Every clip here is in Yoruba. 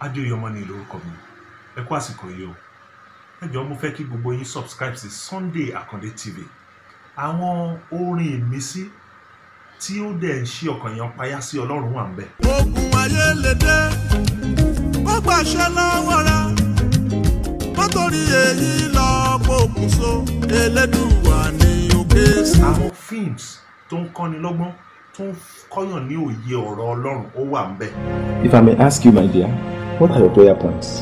adéyọmọ ni lórúkọ mi ẹ kú àsìkò yìí o ẹ mo fẹ́ kí gbogbo yín subscribe sí Sunday Akande TV àwọn orin ìmísí tí ó dẹ̀ ń ṣí ọkàn yẹn payá sí ọlọ́run wà ń bẹ̀. ogun ayé lè dé ó gbàṣẹ lọ́wọ́ ra nítorí èyí lọ pokùn so elédùnwà ní òkè sí. àwọn films tó ń kọ́ni lọ́gbọ́n tó ń kọ́yàn ní òye ọ̀rọ̀ ọlọ́run ó wà ń bẹ̀. If I may ask you my dear. What are your prayer points?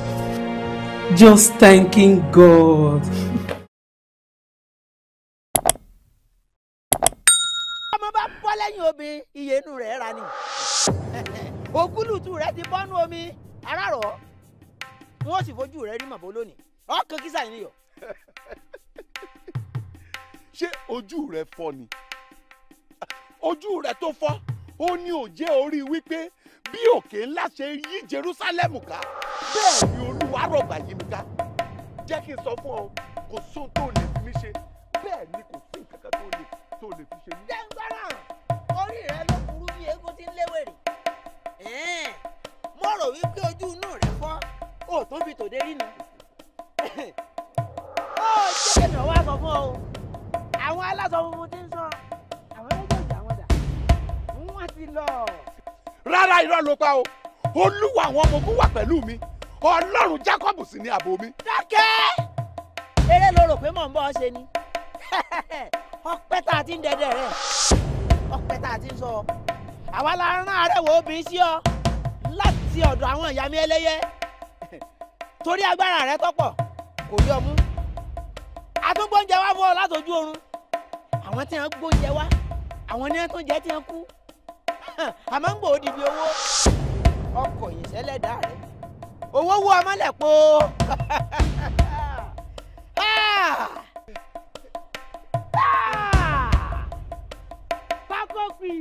Just thanking God. ọmọ bá bọ́ lẹ́yìn obìnrin ìyẹnù rẹ̀ rà ni ògúlùtù rẹ̀ ti bọ́nú omi arárọ̀ wọn sì fojú rẹ̀ rí màbó lónìí ọkàn kìsà yìí nìyọ. ṣé ojú rẹ fọ́ ni ojú rẹ tó fọ́ ó ní òjé orí wípé bí òkè ńlá ṣe yí Jerúsálẹ́mù ká bẹ́ẹ̀ ni Olúwa rọ̀gbà yí mi ká jẹ́ kí n sọ fún ọ kò sóhun tó lè fi mí ṣe bẹ́ẹ̀ ni kò sí nǹkan kan tó lè tó lè fi ṣe mí. jẹ́ngbára orí rẹ ló burú bí eégún ti ń léwèrè mo rò wípé ojú inú rẹ fọ́ ò tóbi tòde rí nu ó jẹ́ kí ènìyàn wá sọ fún ọ àwọn aláṣọ funfun ti ń sọ àwọn méjèèjì àwọn dà wọ́n ti lọ rárá irọ́ ló pa o olúwa àwọn ọmọ ogun wà pẹ̀lú mi ọlọ́run Jacob sì ni ààbò mi. dákẹ́ eré ló rò pé mò ń bọ́ ọ ṣe ni ọpẹ́ tá a ti ń dẹdẹ rẹ ọpẹ́ tá a ti ń sọ àwa la rán arẹwò obìnrin sí ọ láti ọ̀dọ̀ àwọn ìyá mi ẹlẹ́yẹ torí agbára rẹ tọ́pọ̀ kò yọ mú àtúngbóúnjẹ wá fún ọ látọjú oorun àwọn tí wọn gbóúnjẹ wá àwọn ní wọn tún jẹ tí wọn kú àmọ́ ń gbòó dìbì owó ọkọ̀ yìí sẹ́lẹ̀dá rẹ̀ owó wú ọmọlẹ̀ po. Ah! Ah! pákó pì í.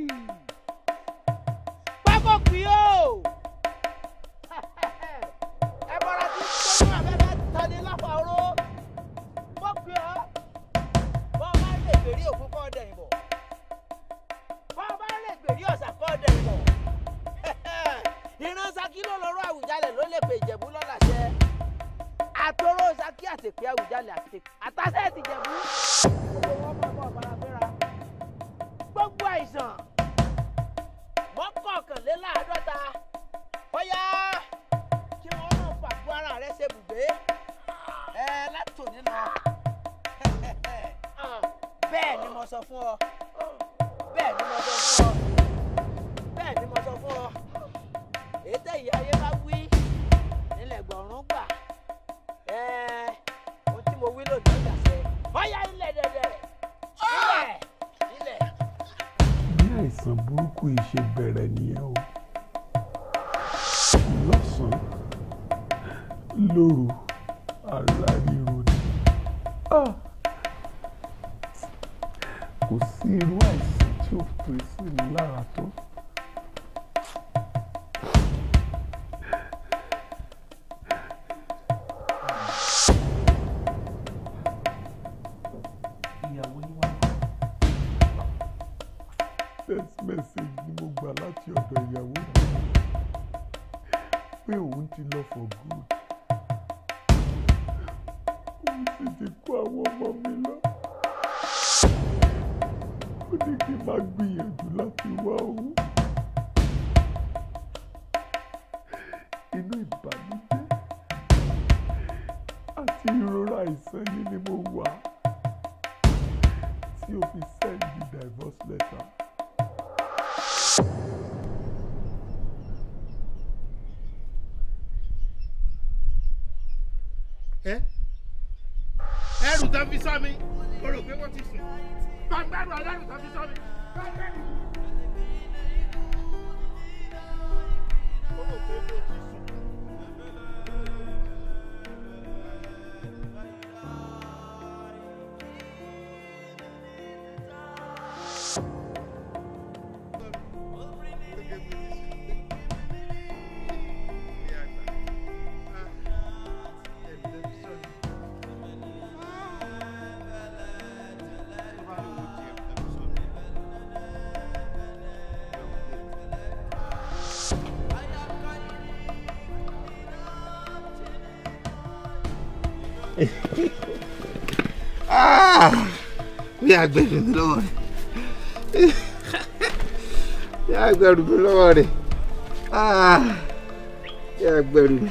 for good. Ó ti kó àwọn ọmọ mi lọ. Ó ní kí n máa gbìyànjú. fi sọ mi o rò pé wọ́n ti sùn gbàngbàrún ọlọ́run tó fi sọ mi gbàngbàrún. jẹ́ agbẹ̀rù mi lọ́wọ́ rẹ̀ jẹ́ agbẹ̀rù mi lọ́wọ́ rẹ̀ jẹ́ ah, agbẹ̀rù mi.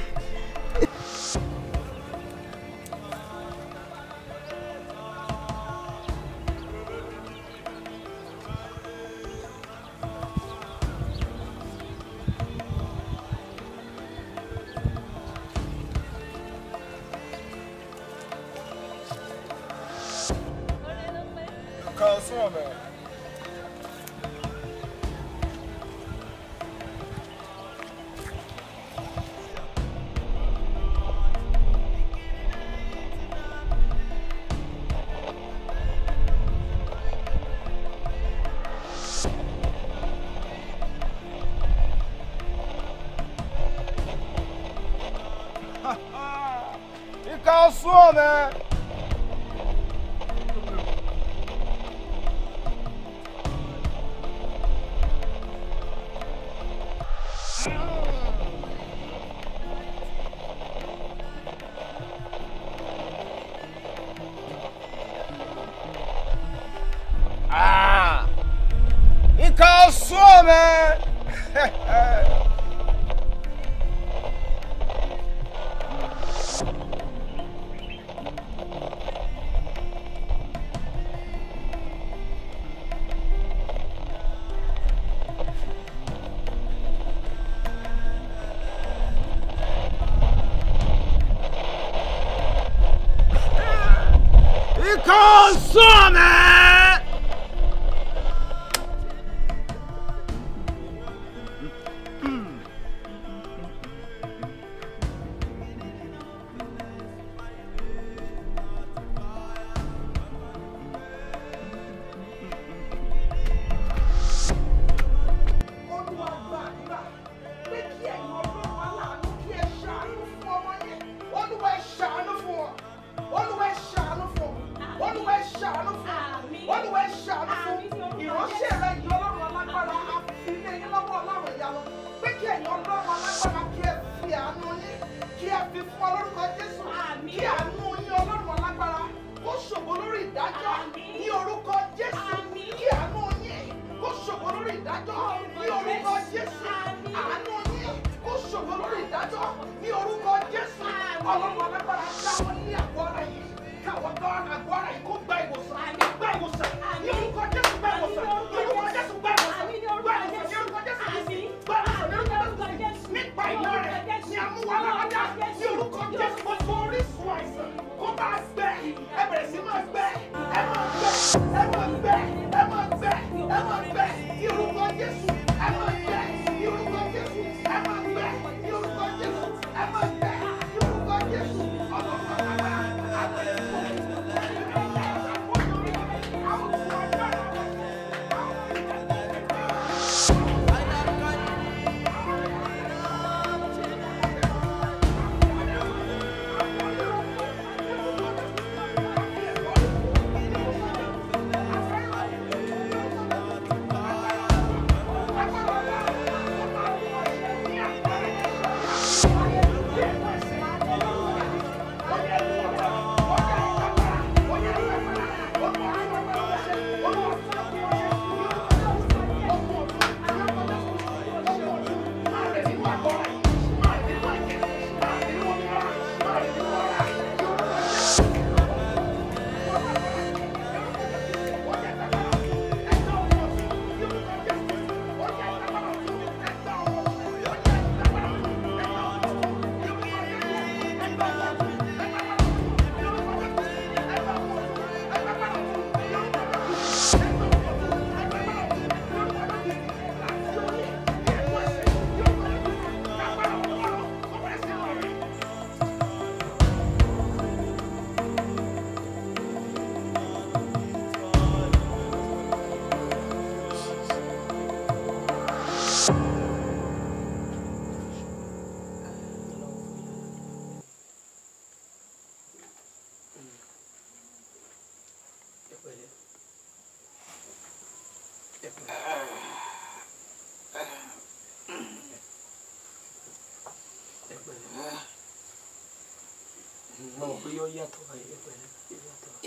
yọ yàtọ̀ báyìí pẹ̀lẹ́.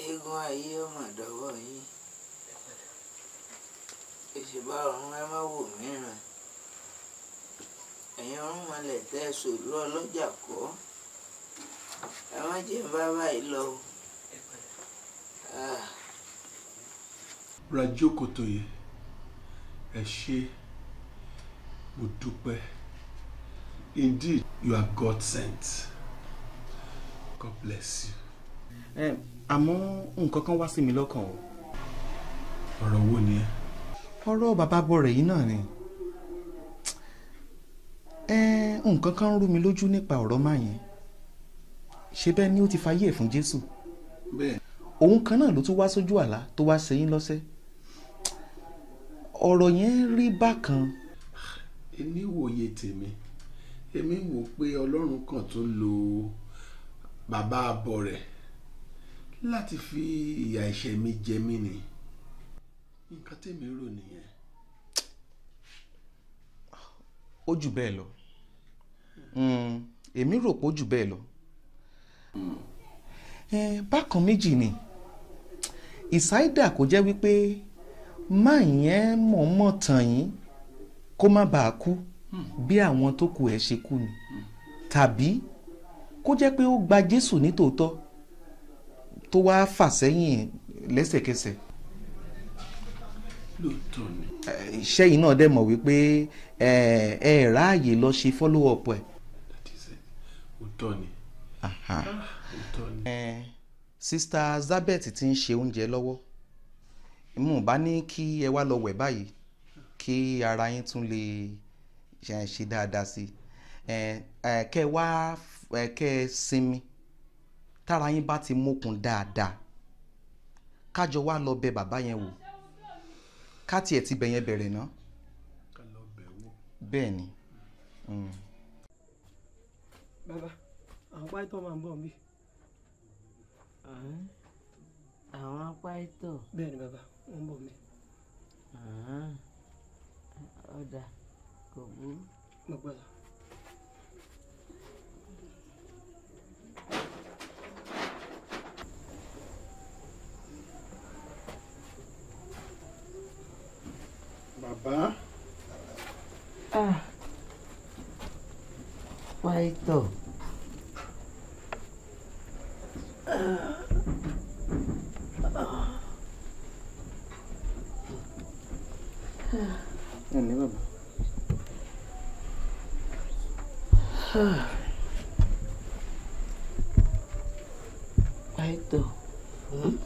eégún ayé ọmọ ìdọ́wọ́ yìí ìṣèbá ọ̀run ẹ má wò mìíràn ẹ̀yin ọ̀run mọ̀lẹ̀ tẹ́ ẹ sòlú ọlọ́jà kọ́ ẹ má jẹ́ bá báyìí lọ. Ah. Raji Okotoye ẹ ṣé mo dúpẹ́ indeed you are God sent. God bless you. Ẹ àmọ́ nǹkan kan wá sí mi lọ́kàn o. Ọ̀rọ̀ wo ni ẹ? Ọ̀rọ̀ bàbá bọ̀rẹ̀ yìí náà ni. Ẹ nǹkan kan ń rú mi lójú nípa ọ̀rọ̀ máa yẹn. Ṣé bẹ́ẹ̀ ni ó ti fayé ẹ̀ fún Jésù? Bẹ́ẹ̀. Òun kan náà ló tún wá sójú àlá tó wá sẹ́yìn lọ́sẹ̀. Ọ̀rọ̀ yẹn rí bákan. Èmi wòye tèmi, èmi wò pé Ọlọ́run kan tó lo bàbá abọrẹ̀ láti fi ìyà ẹ̀ṣẹ̀ mi jẹ mí ni nǹkan tèmi rò nìyẹn. ó jù bẹ́ẹ̀ lọ hmm, èmi rò pé ó jù bẹ́ẹ̀ lọ bákan méjì ni ìsáídà kò jẹ́ wípé máa yẹn mọ̀ọ́mọ̀ tàn yín kó má bàa kú hmm. bí àwọn tó kù ẹ̀ ṣe kú ni tàbí. Hmm kó jẹ́ pé ó gba Jésù ní tòótọ́ tó wá fà sẹ́yìn lẹ́sẹ̀kẹsẹ̀. lóòótọ́ ni. náà dẹ̀ mọ̀ wípé ẹ ẹ ráàyè lọ ṣe follow up ẹ̀. òótọ́ ni. Ah, òótọ́ ni. sista Zabeth ti ń ṣe oúnjẹ lọ́wọ́ mo bá ní kí ẹ wá lọ wẹ̀ báyìí kí ara yín tún lè ṣe dáadáa sí i kẹ́ wá ẹ kẹ́ ẹ sinmi tára yín bá ti mókun dáadáa kájọ wá lọ bẹ̀ bàbá yẹn wò ká tiẹ̀ ti bẹ̀ yẹn bẹ̀rẹ̀ náà bẹ́ẹ̀ ni. Mm. bàbá àwọn pàìtọ́ máa ń bọ̀ bí. àwọn pàìtọ́. bẹ́ẹ̀ ni bàbá wọ́n ń bọ̀ ọ̀dà kò burú. ah ah bàbá. ah ẹ ní bàbá. pàìtọ̀. Hmm?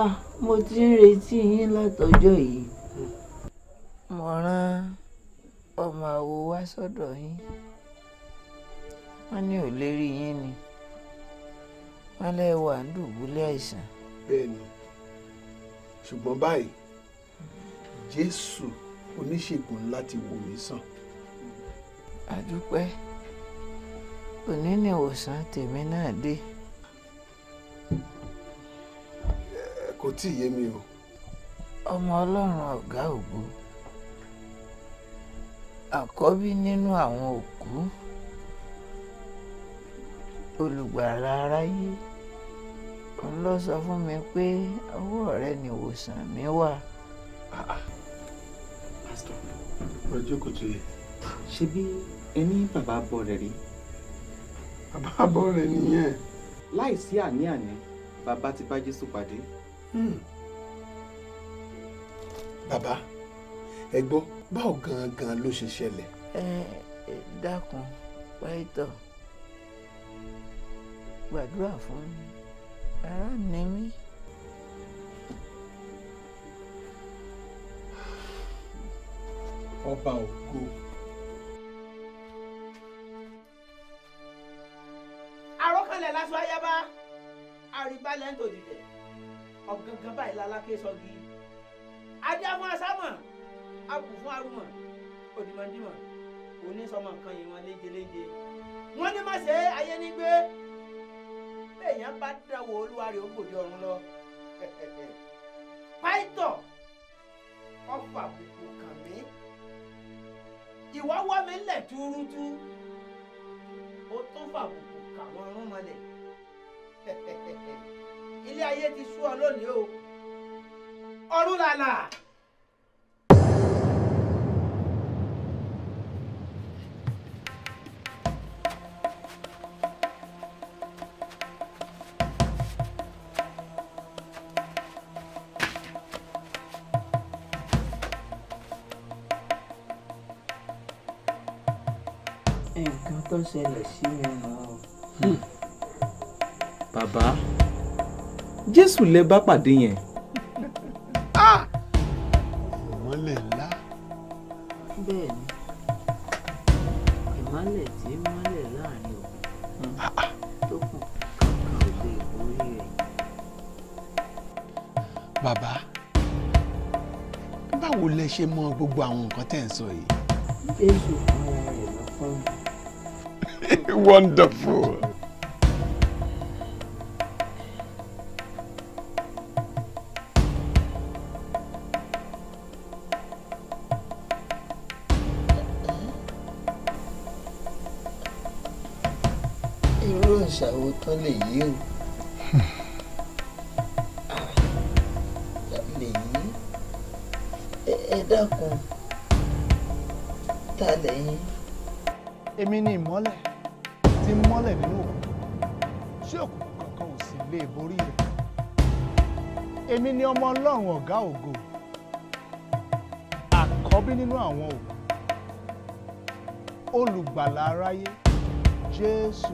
Ah, mo ti ń retí yín látọjọ́ yìí mo rán ọmọ àwo wá sọ́dọ̀ yín wọ́n ní ò lè rí yín ni wọ́n lẹ́ wà ń dùbúlẹ̀ àìsàn. bẹ́ẹ̀ni ṣùgbọ́n báyìí jésù oníṣègùn ńlá ti wò mí sàn. àdúpẹ́ òní ni ìwòsàn tèmi náà dé. kò tí ì yé mi o. ọmọ ọlọ́run ọ̀gá ògo àkọ́bí nínú àwọn òkú olùgbàlà aráyé òun ló sọ fún mi pé ọwọ́ rẹ ni ìwòsàn mi wà. pásítọ̀ ọjọ́ kò tó yẹ ṣe bí ẹni bàbá bọ̀ rẹ̀ rí. bàbá bọ̀ rẹ̀ nìyẹn. láìsí àní-àní bàbá ti bá Jésù pàdé. Hmm. bàbá. Hmm ẹ gbọ́ báwo gangan ló ṣe ṣẹlẹ̀. ẹ dákun pàìtọ gbàdúrà fún mi ara ni mí. ọba ògo. àròkànlẹ̀ lásán ayaba àrígbálẹ̀ ń tòdìdẹ̀ ọ̀gangan báyìí lálákè sọ́gi adé àwọn asámọ̀ abù fún arúmọ̀ òdìmọ̀dìmọ̀ onísọmọ kan yìí wọn léjeléje wọn ní má ṣe ayé ní gbé èèyàn bá dáwọ olúwa rẹ̀ ó ọ̀run lọ pàìtọ̀ ọ̀fà àbùkù kàn mí ìwà wá mi lẹ̀ túrútú ó tún fàbùkù kàwọn ọrùn mọ́lẹ̀ ilé ayé ti sú ọ lónìí o ọ̀run làlà. nǹkan tó ṣẹlẹ̀ sí mi ràn ọ́. Hmm. bàbá jésù lẹ bá pàdé yẹn. Ah! ìmọ́lẹ̀ ńlá. bẹ́ẹ̀ni ìmọ́lẹ̀ tí ń mọ́lẹ̀ láàrin òkun ah, ah. tó kù kankan ò lè borí rẹ̀. bàbá báwo lẹ ṣe mọ gbogbo àwọn nǹkan tẹ̀ ń sọ yìí. jésù fún wa. Wonderful. irú ìṣàwò tán lè yí o. ni ọmọ ọlọ́run ọ̀gá ògo àkọ́bí nínú àwọn ògo olùgbàlà aráyé jésù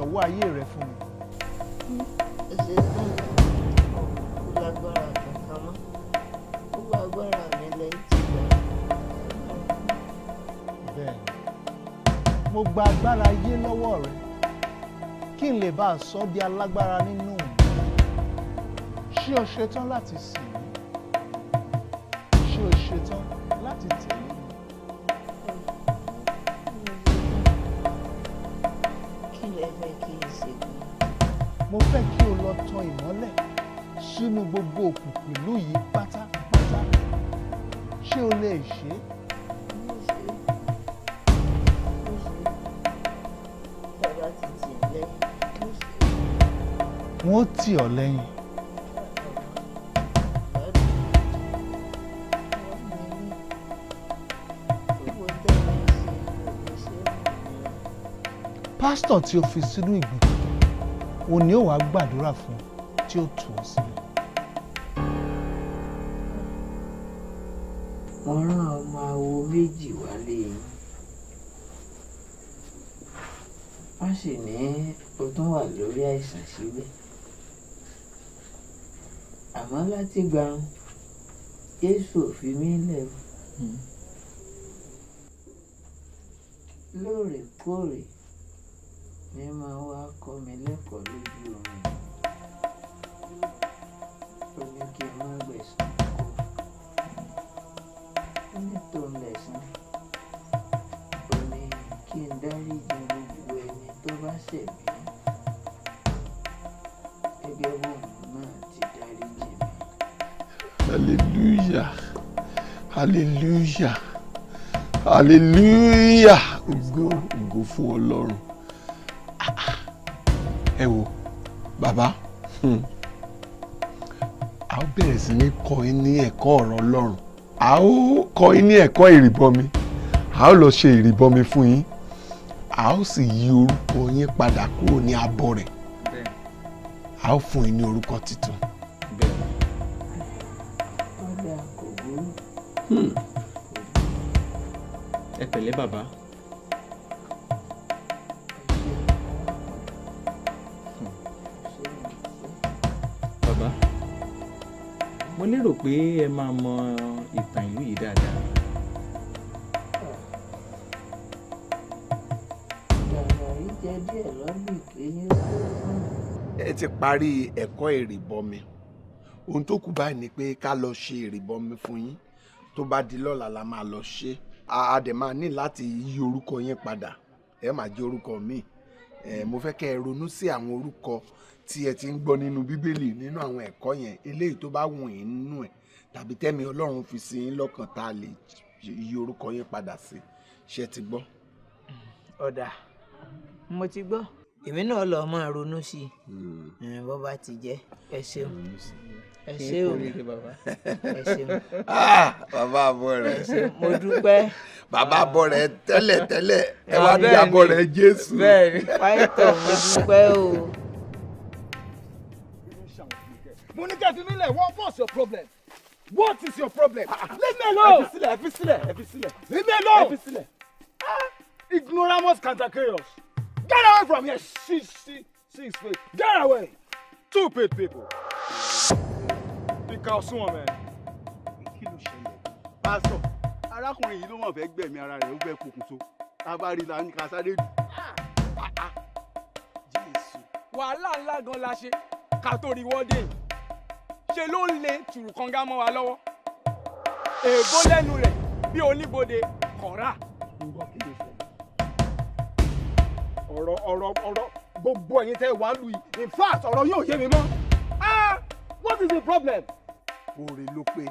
jọ̀wọ́ ayé rẹ fún mi. ẹ ṣe sàn kó lágbára kankan mọ́ kó lágbára mi lẹ́yìn tí mo rà. bẹ́ẹ̀ mo gba agbára ayé lọ́wọ́ rẹ kí n lè bá a sọ di alágbára nínú mi ṣé o ṣetán láti sìn mí ṣé o ṣetán. fẹ́ kí o lọ tan ìmọ́lẹ̀ sínú gbogbo òkùnkùn ìlú yìí pátápátá ṣé o lè ṣe é. wọ́n tì ọ́ lẹ́yìn. pásítọ̀ tí o fi sínú ìgbìmọ̀ o ní ò wá gbàdúrà fún tí ó tù ọ́ sílẹ̀. mo rán ọmọ awo méjì wálé wọ́n sì ní o tún wà lórí àìsàn síbẹ̀ àmọ́ láti gba jésù òfin mi lẹ̀ hmm. lóòrèkóòrè Ẹ máa wá kọ́ mi lẹ́kọ̀ọ́ lójú omi. Ó ní kí n má gbẹ̀san kú. ní tó ń lẹ̀san. Ó ní kí n dáríji gbogbo ẹni tó bá ṣẹ̀ mí. Gẹ́gẹ́ bó òun náà ti dáríji mi. Hallelujah! Hallelujah! Hallelujah! Ògo ògo fún Ọlọ́run ẹ wò bàbá hmm. a ó bẹ̀rẹ̀ sí ní kọ́ ẹ ní ẹ̀kọ́ ọ̀rọ̀ ọlọ́run a ó kọ́ ẹ ní ẹ̀kọ́ ìrìbọmi a ó lọ ṣe ìrìbọmi fún yín a ó sì yí orúkọ yín padà kúrò ní abọ́ rẹ̀ a ó fún yín ní orúkọ tuntun. Hmm. ẹ pẹ̀lẹ́ bàbá. mo lérò pé ẹ máa mọ ìtàn ìlú yìí dáadáa. ẹ ti parí ẹ̀kọ́ ìrìbọmi ohun tó kù báyìí ni pé ká lọ ṣe ìrìbọmi fún yín tó bá di lọ́la la máa lọ ṣe a dẹ̀ máa ní láti yí orúkọ yín padà ẹ máa jẹ́ orúkọ míì mo fẹ́ kẹ́ ẹ ronú sí àwọn orúkọ tí ẹ ti ń gbọ́ nínú bíbélì nínú àwọn ẹ̀kọ́ yẹn eléyìí tó bá wù yín nínú ẹ̀ tàbí tẹ́mi ọlọ́run fi sí yín lọ́kàn tá a lè yí orúkọ yín padà sí ṣe ti gbọ́. ọ̀dà mo ti gbọ́ èmi náà lọ́ọ́ máa ronú sí i hmm. bó bá ti jẹ́ ẹ ṣeun ẹ ṣé o ẹ ṣé o. Ah, bàbá àbọ̀ rẹ̀. mo dúpẹ́. bàbá àbọ̀ ah. rẹ̀ tẹ́lẹ̀ tẹ́lẹ̀ ẹ wá ní àbọ̀ rẹ̀ jésù. bẹ́ẹ̀ni pàìtọ mo dúpẹ́ o. mo ní kẹ́ fi mí lẹ̀ wọ́n what's your problem? what is your problem? Ah, leave me alone. ẹ fi sílẹ̀ ẹ fi sílẹ̀ ẹ fi sílẹ̀. leave me alone. ẹ fi sílẹ̀. ignoramus cantankerous get away from here she she she is fake get away stupid people ìka ọ̀sùn wọn mẹ́. kí ló ṣẹlẹ̀. pásítọ̀ arákùnrin yìí ló mọ̀ fẹ́ gbẹ̀mí ara rẹ̀ ó fẹ́ pokùnso tábàárí la ní ká sáré dù. jésù wàhálà ńlá gan la ṣe ká tó rí wọ́dé yìí ṣe ló ń le tùrùkànga mọ́ wa lọ́wọ́ èèbó lẹ́nu rẹ̀ bí oníbodè kọ̀ọ̀rà. ọ̀rọ̀ ọ̀rọ̀ ọ̀rọ̀ gbogbo ẹ̀yin tẹ́ wàá lù yìí in fact ọ̀rọ̀ yóò yé mi mọ́. ah what is the problem oore ló pé.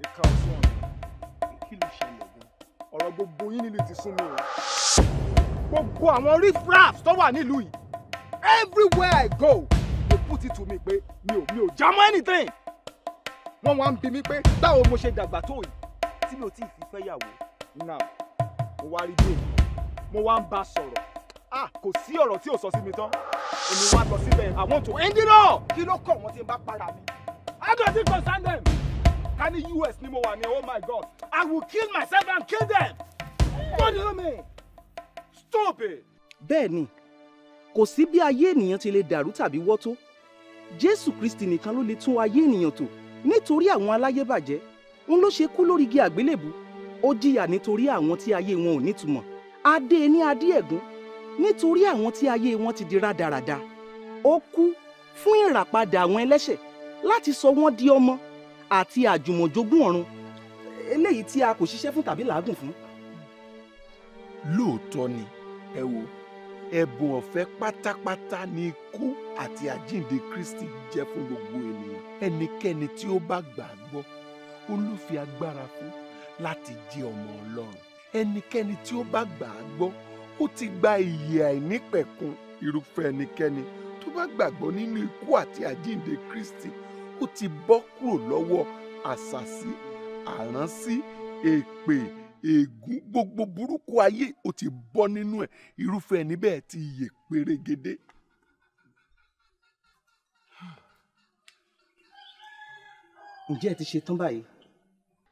ìka ọ̀sán ọ̀nà kí ló ṣẹlẹ̀ gan ọ̀rọ̀ gbogbo yín nílùú ti sún mi o. gbogbo àwọn riffraffs tó wà nílùú yìí everywhere I go mo put it to me pé mi ò mi ò já mọ́ anything. wọ́n wá ń bi mí pé báwo mo ṣe dàgbà tó yìí tí mi ò tí ì fi fẹ́ yàwó now mo wá rí bí mo wá ń bá sọ̀rọ̀ ah kò sí ọ̀rọ̀ tí ò sọ sí mi tán èmi wá lọ síbẹ̀ i want to end it all kí ló kọ̀ wọ́n ti bá para mi. How does it concern them? Can the US ni mo oh my God. I will kill myself and kill them. What do you mean? Stupid. Bẹ́ẹ̀ni, kò sí bí ayé ènìyàn ti lè dàrú tàbí wọ́ tó. Jésù Kristì nìkan ló lè tún ayé ènìyàn tò nítorí àwọn aláyébàjẹ́. Òun ló ṣe kú lórí igi àgbélébù. Ó jìyà nítorí àwọn tí ayé wọn ò nítumọ̀. Adé e ní adé ẹ̀gún nítorí àwọn tí ayé wọn ti di rádaràda. Ó kú fún ìràpadà àwọn ẹlẹ́ṣẹ̀ láti sọ wọ́n di ọmọ àti àjùmọ̀jogún ọ̀run eléyìí tí a kò ṣiṣẹ́ fún tàbí làágùn fún. lóòótọ́ ni ẹ wo ẹ̀bùn ọ̀fẹ́ pátápátá ni ikú àti àjíǹde Kristi jẹ́ fún gbogbo ènìyàn ẹnikẹ́ni tí ó bá gbàgbọ́ olùfi agbára fún láti jẹ́ ọmọ Ọlọ́run ẹnikẹ́ni tí ó bá gbàgbọ́ ó ti gba ìyè àìnípẹ̀kun irúfẹ́ ẹnikẹ́ni tó bá gbàgbọ́ nínú ikú àti àjíǹde Kristi ó ti bọ́ kúrò lọ́wọ́ àṣàsí àránsí èpè ègún gbogbo burúkú ayé ó ti bọ́ nínú ẹ̀ irúfẹ́ ẹni bẹ́ẹ̀ ti yè pérégedé. ǹjẹ́ ẹ ti ṣetán báyìí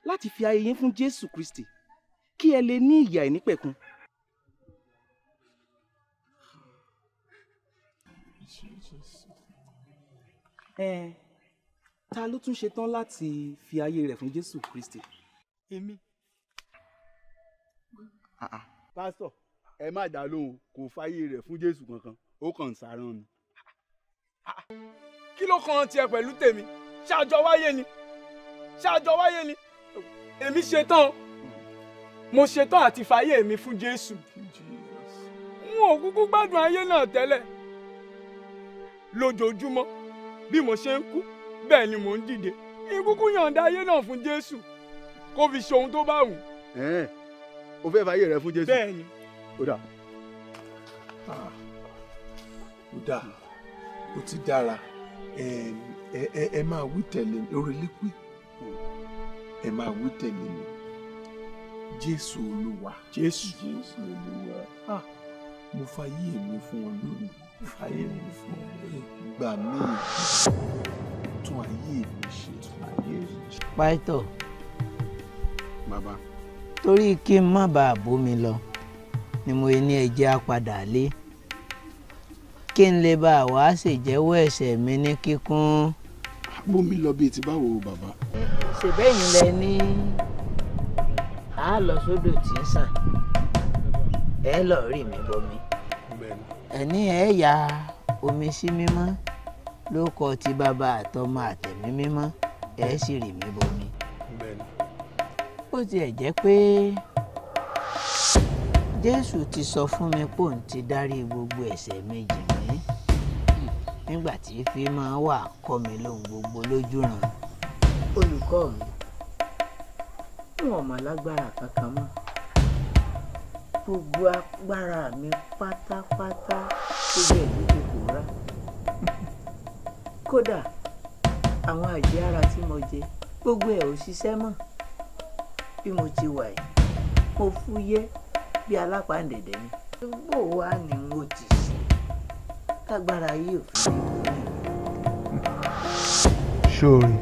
láti fi ayé yín fún Jésù Kristi kí ẹ lè ní ìyà ìnípẹ̀kun. ẹ ta ló tún ṣe tán láti fi ayé rẹ̀ fún Jésù Kristi. èmi. Ah, ah. pásítọ̀ ẹ má dá lóhùn kò fàyè rẹ̀ fún Jésù kankan ó kàn ń sáárán ni. Ah, kí ló kan tiẹ̀ pẹ̀lú tèmi ṣáàjọ wáyé ni ṣáàjọ wáyé ni èmi ṣe tán mo ṣe tán àti fàyè mi fún Jésù n ò kúkú gbádùn ayé náà tẹ́lẹ̀ lójoojúmọ́ bí mo ṣe ń kú bẹ́ẹ̀ ni mò ń dìde ikúkú yọ̀ǹda ayé náà fún jésù kó fi ṣe ohun tó bá wù. o fẹ́ fàyè rẹ fún jésù. bẹ́ẹ̀ni. ó dà ah, ó dà ó ti dára ẹ máa wí tẹ̀lé lórí lípì ẹ máa wí tẹ̀lé mi jésù olúwa. jésù jésù olúwa. Ah mo fàyè mi fún ọ lónìí fàyè mi fún ọ gbà mí tún ayé mi ṣe tún ayé mi ṣe. pásítọ̀. bàbá. torí kí n má bàa bómi lọ ni mo ní ẹjẹ́ apadà lé kí n lè bá a wá ṣèjẹ́wọ́ ẹ̀ṣẹ̀ mi ní kíkún. bómi lọ bíi ti báwo bàbá. ṣèbẹ́yìn lẹ ní a lọ sódò tí ń sàn ẹ lọ rí mi bọmi ẹ ní ẹ ya omi sí mímọ́ ló kọ ti bàbá àtọmọ àtẹ̀mí mímọ́ ẹ sì rì mí bomi. bó tiẹ̀ jẹ́ pé jésù ti sọ fún mi pò ń ti dárí gbogbo ẹ̀ṣẹ̀ méjì mi nígbà tí fi máa wà kọ́ mi lóhun gbogbo lójúran olùkọ́ mi fún ọmọ lágbára kankan mọ́ gbogbo agbára mi pátápátá tó bẹ̀ lóde kò rà kódà àwọn àjẹ́ ara tí mo jẹ gbogbo ẹ̀ ò ṣiṣẹ́ mọ́ bí mo ti wà yìí mo fúyẹ́ bí alápàǹdẹ̀dẹ̀ ni. bó wàá ni mo ti ṣe tágbára yìí ò fi lè wọlé. ṣóore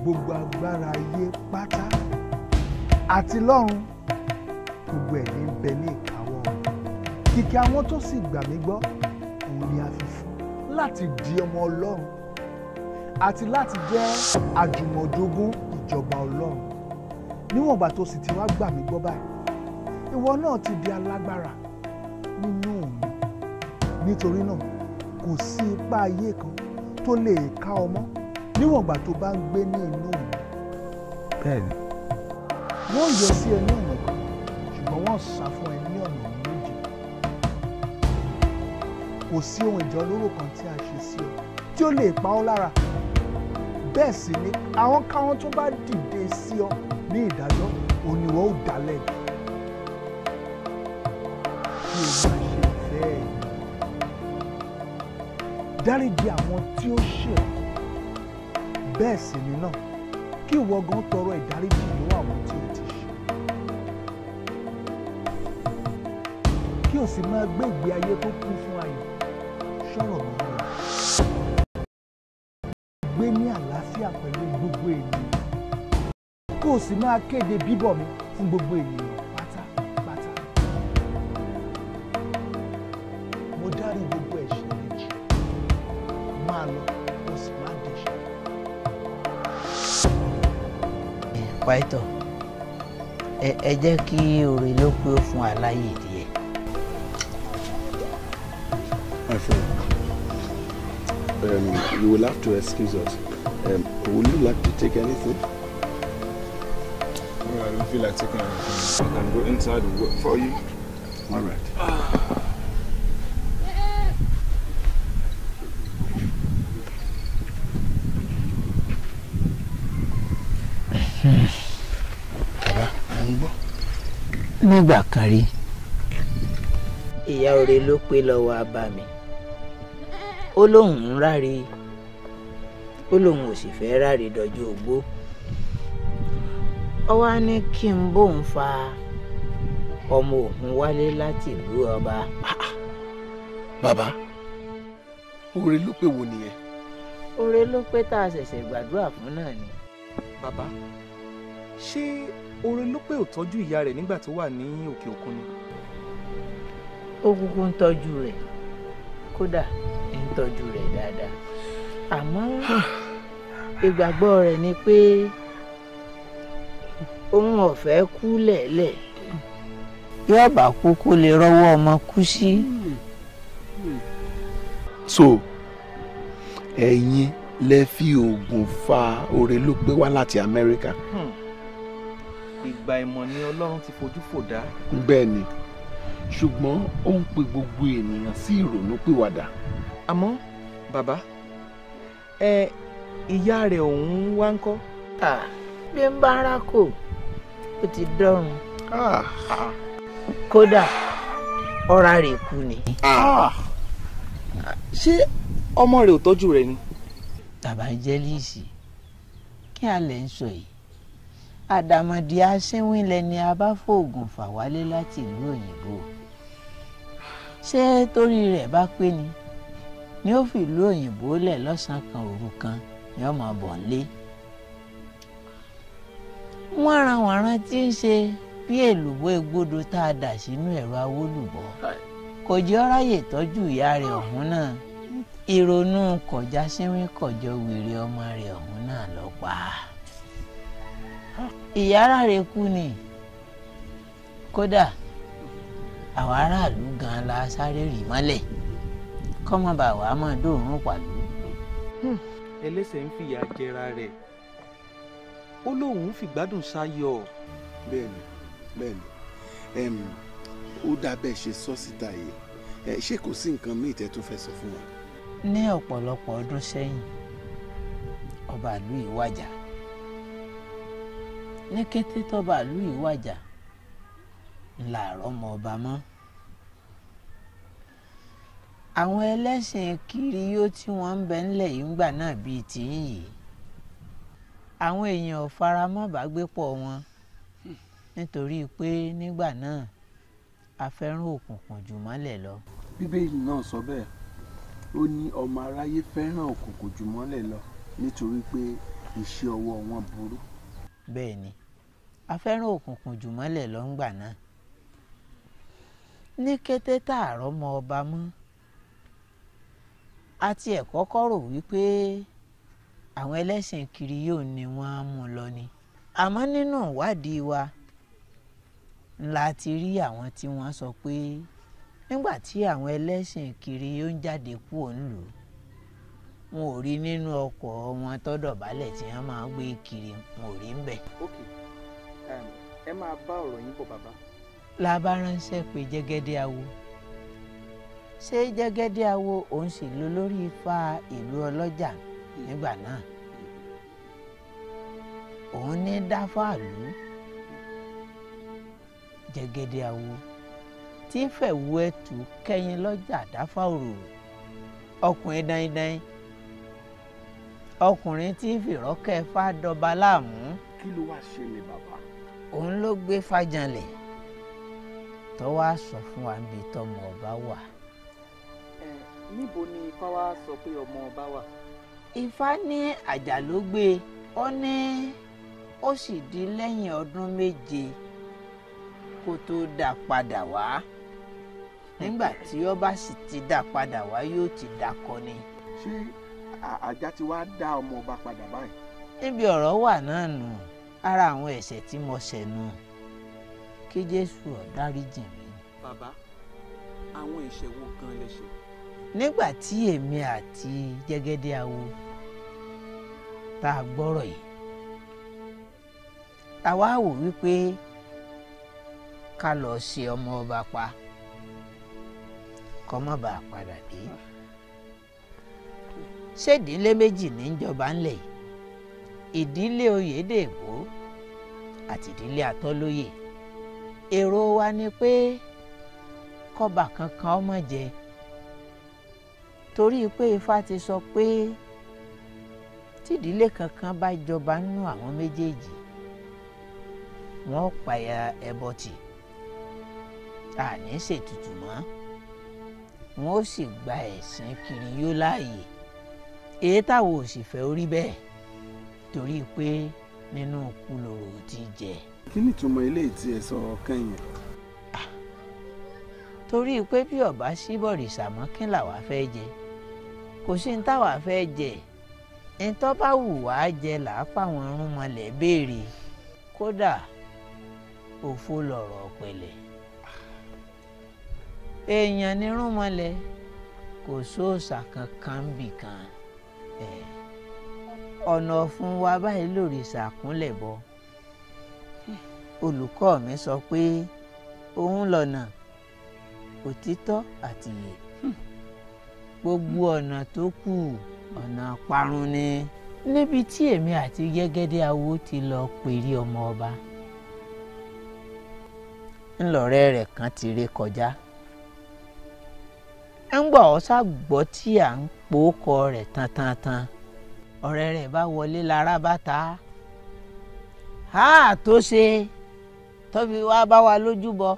gbogbo agbára ayé pátá àti lọ́run gbogbo ẹ̀ ní bẹ ní ìkáwọ́ kíkẹ́ àwọn tó sì gbà mí gbọ́ láti di ọmọ ọlọ́run àti láti jẹ́ àjùmọ̀dógún ìjọba ọlọ́run níwọ̀nba tó sì ti wá gbà mí gbọ́ báyìí ìwọ náà ti di alágbára nínú mi nítorí náà kò sí ipá ayé kan tó lè ká ọ mọ́ níwọ̀nba tó bá ń gbé ní inú mi. bẹ́ẹ̀ni. wọ́n yọ sí ẹ ní kan ṣùgbọ́n wọ́n sá fún kò sí ohun ìjọlóró kan tí a ṣe sí ọ tí ó lè pa ọ́ lára bẹ́ẹ̀ sì ni àwọn káwọn tó bá dìde sí ọ ní ìdájọ́ òní ò dálẹ̀ o máa ṣe fẹ́ ẹ̀ dáríji àwọn tí ó ṣe bẹ́ẹ̀ sì ni náà kí ìwọ gan tọrọ ìdáríjì lọ́wọ́ àwọn tí ó ti ṣe kí o sì máa gbé ìgbé ayé tó kún fún ayọ̀ sọ̀rọ̀ mi rẹ̀ gbé ní àlàáfíà pẹ̀lú gbogbo ènìyàn kó o sì máa kéde bíbọ̀ mi fún gbogbo ènìyàn pátápátá mo dárí gbogbo ẹ̀ṣẹ̀ méjì máa lọ mo sì máa dẹ̀ṣẹ̀. pàìtàn ẹ jẹ́ kí oore ló pé fún aláyè díẹ̀. Thank you. um, you will have to excuse us. Um, would you like to take anything? I don't feel like taking anything. I can go inside and work for you. All right. Ah. nígbà kan rí. ó lóun ń ráre ó lóun ò sì fẹ́ ráre dọjọ́ ogbó ó wá ní kí n bóun fa ọmọ òun wálé láti ìlú ọba. bàbá oore ló pé wo nìyẹn. oore ló pé tá a ṣẹ̀ṣẹ̀ gbàdúrà fún náà ni. bàbá ṣé oore ló pé ò tọ́jú ìyá rẹ̀ nígbà tó wà ní òkè òkun ni. ó kúkú ń tọ́jú rẹ̀ kódà tọ́jú rẹ̀ dáadáa àmọ́ ìgbàgbọ́ rẹ̀ ni pé òun ọ̀fẹ́ kú lẹ̀lẹ̀ yóò bá kú kó lè rọ́wọ́ ọmọ kú sí. so ẹ̀yin lẹ fi oògùn fa oore ló gbé wá láti Amẹ́ríkà. Hmm. ìgbà ìmọ̀ ni Ọlọ́run ti fojú fò dá. bẹ́ẹ̀ ni ṣùgbọ́n ó ń pe gbogbo ènìyàn sí ìrònúpìwàdà. Si àmọ́ bàbá ẹ ìyá rẹ̀ òun wá ń kọ́. bí ń bá rákò ó ti dọ̀run ah. kódà ọ̀ra rẹ̀ kú ni. Ah. Ah. ṣé ọmọ rẹ̀ ò tọ́jú rẹ̀ ni. bàbá jẹ́líìsì kí a lè ń sọ yìí àdàmọ̀dì aṣẹ́wìn lẹni a bá fòògùn fà wálé láti ìlú òyìnbó ṣé torí rẹ̀ bá pé ni ni ó fi ìlú òyìnbó lẹ̀ lọ́sàn-án kan òru kan ni ó máa bọ̀ lé. wọ́n ran wàrán tí ń ṣe bí èlùbọ́ egbòdo tá a dà sínú ẹ̀rọ awólùbọ́ kò jẹ́ ọ́ráyè tọ́jú ìyá rẹ̀ ọ̀hún náà ìrònú kọjá síwín kọjọ wèrè ọmọ rẹ̀ ọ̀hún náà lọ pa ìyá rẹ̀ kú ni kódà àwọn aráàlú gan la sáré rì mọ́lẹ̀ kọ́mọ bá wàá mọ̀ dóòrùn pàlú. Hmm. ẹlẹ́sẹ̀ ń fìyà jẹra rẹ̀ ó lóun fìgbádùn sáyọ. bẹ́ẹ̀ni bẹ́ẹ̀ni ó dáa bẹ́ẹ̀ ṣe sọ síta yìí ẹ ṣé kò sí nǹkan míì tẹ́ tó fẹ́ sọ fún wa. ní ọ̀pọ̀lọpọ̀ ọdún sẹ́yìn ọba ìlú yìí wàjà ní kété tọ́ba ìlú yìí wàjà ńlá àrọ́mọ ọba mọ́ àwọn ẹlẹ́sìn kiri yóò tí wọ́n ń bẹ ńlẹ̀ yìí ńgbà náà bíi tìyìn yìí àwọn èèyàn ò fara mọ́ bágbépọ̀ wọn nítorí pé nígbà náà a fẹ́ràn òkùnkùn jù mọ́lẹ̀ lọ. bíbélì náà sọ bẹ́ẹ̀ ó ní ọmọ aráyé fẹ́ràn òkùnkùn jù mọ́lẹ̀ lọ nítorí pé iṣẹ́ ọwọ́ wọn burú. bẹ́ẹ̀ ni a fẹ́ràn òkùnkùn jù mọ́lẹ̀ lọ ńgbà náà ní kété tá a ọba mọ́ a tiẹ̀ kọ́kọ́ rò wípé àwọn ẹlẹ́sìn kiri yóò ní wọ́n mú lọ ni àmọ́ nínú ìwádìí wa la ti rí àwọn tí wọ́n sọ pé nígbà tí àwọn ẹlẹ́sìn kiri yóò ń jáde kúrò ńlò wọn ò rí nínú ọkọ̀ wọn tọ́dọ̀ balẹ̀ tí wọ́n máa gbé kiri wọn ò rí ń bẹ̀. Okay. ẹ máa bá ọ̀rọ̀ yín bọ̀ bàbá. la bá ránṣẹ́ pé jẹ́gẹ́dẹ́ awo ṣé jẹ́gẹ́dẹ́ awo òun sì lọ lórí ifá ìlú ọlọ́jà nígbà náà òun ní dáfàlú jẹ́gẹ́dẹ́ awo tí fẹ̀wú ẹ̀tù kẹ́yìn lọ́jà dáfà òrò ọkùnrin dandan ọkùnrin tí fìrọ́kẹ́ fàdọba láàmú. kí ló wáá ṣe òun ló gbé fàjànlẹ̀ tó sọ fún wa níbi tọmọ ọba wà níbo ni ifá wa sọ pé ọmọ ọba wà. ifá ní àjà ló gbé ó ní ó sì di lẹ́yìn ọdún méje kó tó dá padà wá nígbà tí ó bá sì ti dá padà wá yóò ti dakọ ni. ṣé àjà ti wá dá ọmọ ọba padà báyìí. níbi ọ̀rọ̀ wà náà nù ara àwọn ẹ̀ṣẹ̀ tí mo ṣẹ̀ nù kí jésù ó mi. bàbá àwọn ẹ̀ṣẹ̀ wo gan ṣe nígbà tí èmi àti jẹ́gẹ́dẹ́ awo tá a gbọ́rọ̀ yìí ta wá wò wípé ká lọ ṣe ọmọ ọba pa kọ́ mọ́ bá a padà dé ṣèdílé méjì níjọba ńlẹ̀ ìdílé oyèdèbó àti ìdílé atọ́lóyè èrò wa ni pé kọ́ba kankan ọmọ jẹ́ torí pé ifá ti sọ pé tídìílé kankan bá jọba nínú àwọn méjèèjì wọn pààyà ẹbọ tì àní ṣètùtù mọ́ wọn ó sì gba ẹ̀sìn kiri yó láàyè èyí táwọn ò sì fẹ́ orí bẹ́ẹ̀ torí pé nínú ikú lòrò ti jẹ. kí ni ìtumọ̀ ilé tí ẹ sọ kẹ́yìn. Ah, torí pé bí ọba síbọ̀rìṣà mọ́ kí làwa fẹ́ jẹ kò sí ní táwa fẹ́ jẹ ní tó bá wù wá jẹ làá fáwọn irúnmọlẹ̀ béèrè kódà òfo lọ̀rọ̀ pẹ̀lẹ́ èèyàn ní irúnmọlẹ̀ kò sóòṣà kankan bìkan ọ̀nà ọ̀fun wa báyìí lòrìṣà kúnlẹ̀ bọ olùkọ́ mi sọ pé òun lọ̀nà òtítọ́ àtìyè gbogbo ọ̀nà tó kù ọ̀nà parun ni níbi tí èmi àti gẹ́gẹ́dẹ́ awo ti lọ pèrè ọmọ ọba ńlọrẹ́ rẹ̀ kan ti ré kọjá ń gbọ́ ọ ṣàgbọ́ tí à ń pòókọ rẹ̀ tantantan ọ̀rẹ́ rẹ̀ bá wọlé lára bàtà á tó ṣe tọ́fi wá bá wa lójúbọ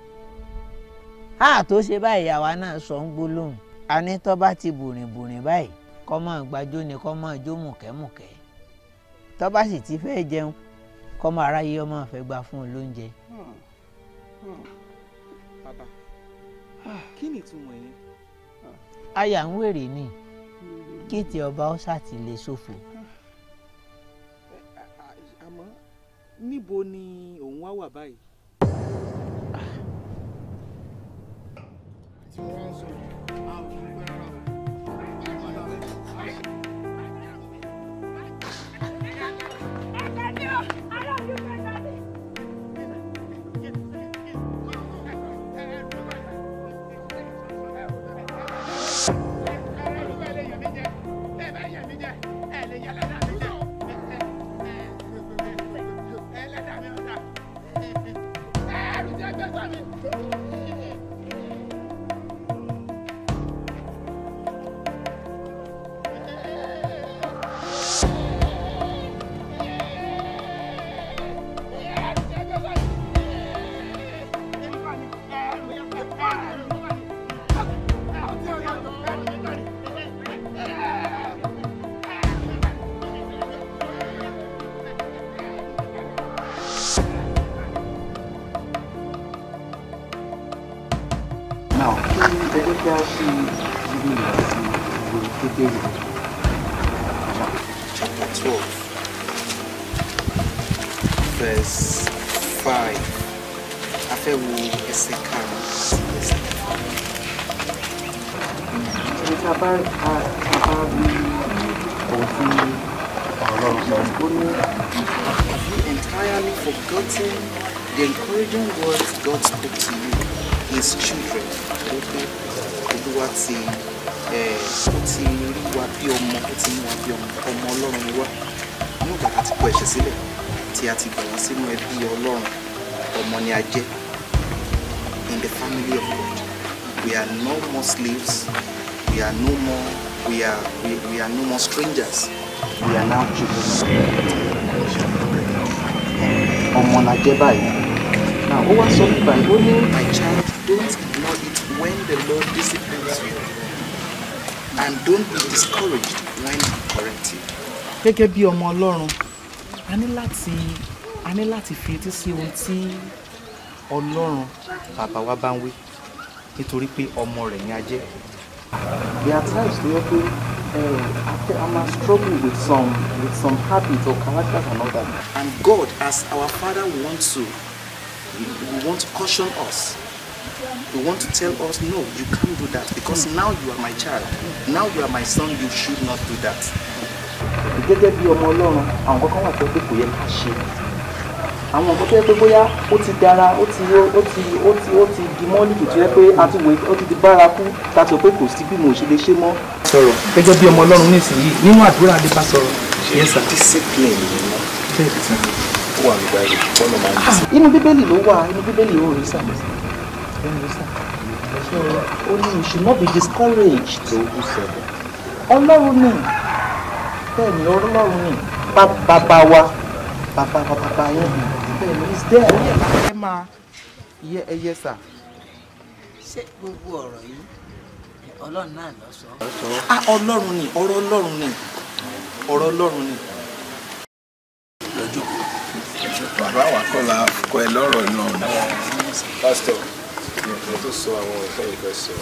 á tó ṣe báyìí àwa náà sọ ń gbólóhùn a ní tó bá ti bùrìnbùrìn báyìí kó máa gbàjó ni kó máa jó mùkẹ́mùkẹ́ tó bá sì ti fẹ́ jẹun kó máa ráyé ọmọ fẹ́ gbà fún un lóúnjẹ. Hmm, hmm. bàbá kí ni ìtumọ̀ yẹn. aya ń wèrè ni hmm. kí ti ọba ọ̀sà ti lè ṣòfò. Ah, àmọ́ níbo ni òun wá wà báyìí. Ah. Yeah, yeah, yeah. are no more we are we, we are no more strangers we are now children. of la jẹ́ báyìí na ó wá sọ nípa yìí ó my child don't ignore it when the Lord disciplines you and don't be discouraged when corrected. gẹ́gẹ́ bí ọmọ ọlọ́run a ní láti a ní láti fi etí sí ohun tí ọlọ́run bàbá wa bá ń wí nítorí pé ọmọ rẹ̀ ni a jẹ́ there are times tó yẹ pé after, am struggling with some with some habits or characters and all that and God as our father wants to we want to caution us We want to tell us no you can't do that because mm. now you are my child mm. now you are my son you should not do that. gẹ́gẹ́ bí ọmọ Ọlọ́run àwọn kankan wà pé kò yẹ ká ṣe àwọn nǹkan tó yẹ pé bóyá ó ti dára ó ti ó ti ó ti ó ti di mọ́lìkì tó yẹ pé a ti wẹ̀ ó ti di bárakú ta sọ pé kò sí bí mo ṣe lè ṣe mọ́. sọ̀rọ̀ gẹ́gẹ́ bí ọmọ ọlọ́run nísìnyí nínú àdúrà adé bá sọ̀rọ̀ yẹn sà. discipline ni mo fẹ́ ti wà nígbà yìí fọ́nà máa ń bí. inú bíbélì ló wà inú bíbélì ò rí sàmì ó ní you should be discouraged. ọlọ́run ni bẹ́ẹ̀ ni ọlọ́run ni bàbá wa bàbá bàbá yẹn is there. ẹ máa yẹ ẹ yẹ sà. ṣé gbogbo ọ̀rọ̀ yìí ọlọ́run náà lọ sọ. Ah, ọlọ́run ni ọ̀rọ̀ ọlọ́run ni ọ̀rọ̀ ọlọ́run ni. lọ́jọ́ bàbá wa kọ́ la kọ́ ẹ lọ́rọ̀ náà. pásítọ̀ mo tún sọ àwọn ọ̀fẹ́ ìfẹ́ sọ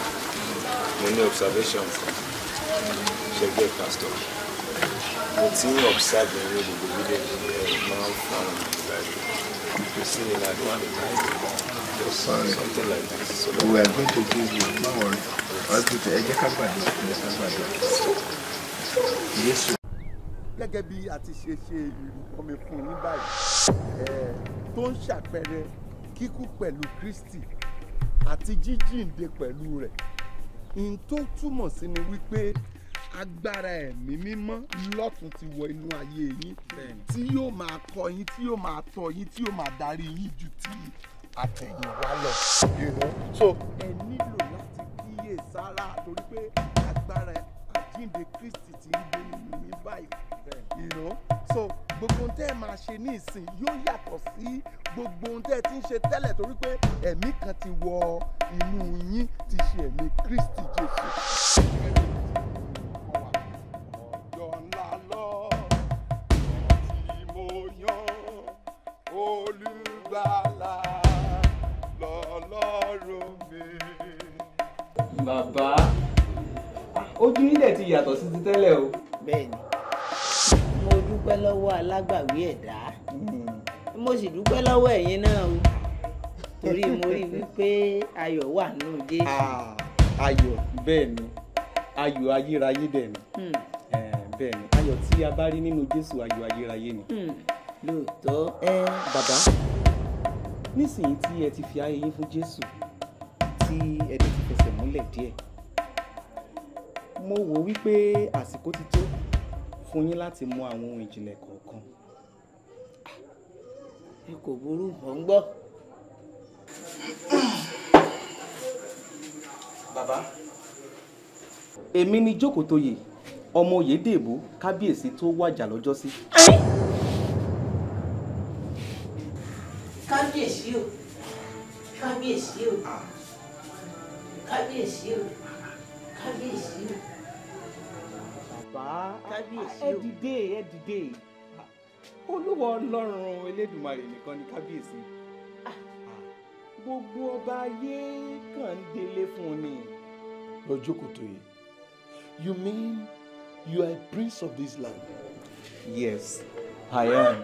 mo ní observation kan ṣẹgbẹ́ pásítọ̀ mo ti ń observe ní gbogbo fídíò eh, máa ń fún àwọn ọmọ if you see it at one night, just Sorry. something like this. So we are going to give you, no worry. Hospital, ẹ jẹ́ ká gbàdúrà, ẹ jẹ́ Gẹ́gẹ́ bí a ti ṣe ṣe ìrìkọ́mi fún un ní báyìí, tó ń ṣàpẹẹrẹ kíkú pẹ̀lú Kristi àti jíjíǹde pẹ̀lú rẹ̀. Ìyẹn tó túmọ̀ sí ni wípé agbára ẹ̀mí mímọ́ lọ́tún ti wọ inú ayé yín tí yóò máa kọ́ yín tí yóò máa tọ́ yín tí yóò máa darí yín ju ti àtẹ̀yìnwá lọ. so ẹ nílò láti kíyè sára torí pé agbára àjíǹde Kristi ti ń gbé nínú yín báyìí. so gbogbo ohun tẹ́ ẹ máa ṣe ní ìsìn yóò yàtọ̀ sí gbogbo ohun tẹ́ ẹ ti ń ṣe tẹ́lẹ̀ torí pé ẹ̀mí kan ti wọ inú yín ti ṣe ẹ̀mí Kristi Jésù. olùgbàlà lọ́lọ́run mi. bàbá ojú yín dẹ̀ ti yàtọ̀ sí ti tẹ́lẹ̀ o. bẹ́ẹ̀ni mo dúpẹ́ lọ́wọ́ alágbàwí ẹ̀dá hmm. mo sì dúpẹ́ lọ́wọ́ ẹ̀yin náà o torí mo rí wípé ayọ̀ wà nínú Jésù. Ah, ayọ̀ bẹ́ẹ̀ ni ayọ̀ ayérayé dẹ̀ ni hmm. eh, bẹ́ẹ̀ ni ayọ̀ tí a bá rí nínú Jésù ayọ̀ ayérayé ni. Mm lóòótọ́ ẹ bàbá nísìnyí tí ẹ ti fi ayé yín fún Jésù tí ẹ ti fẹsẹ̀ múlẹ̀ díẹ̀ mo wò wípé àsìkò ti tó fún yín láti mọ àwọn ohun ìjìnlẹ̀ kọ̀ọ̀kan ẹ kò burú mọ̀ ń gbọ́. bàbá. èmi ni jókòó tó yè ọmọ Oyèdèbú kábíyèsí tó wàjà lọ́jọ́sí. kábíyèsí o kábíyèsí o kábíyèsí o kábíyèsí o. bàbá ẹ dìde ẹ dìde olúwa ọlọ́run elédùmarè nìkan ni kábíyèsí ah. gbogbo ọba ayé kàn ń délé fún un ni. lọ́jọ́ kòtò yìí you mean you are a prince of this land. yes i am.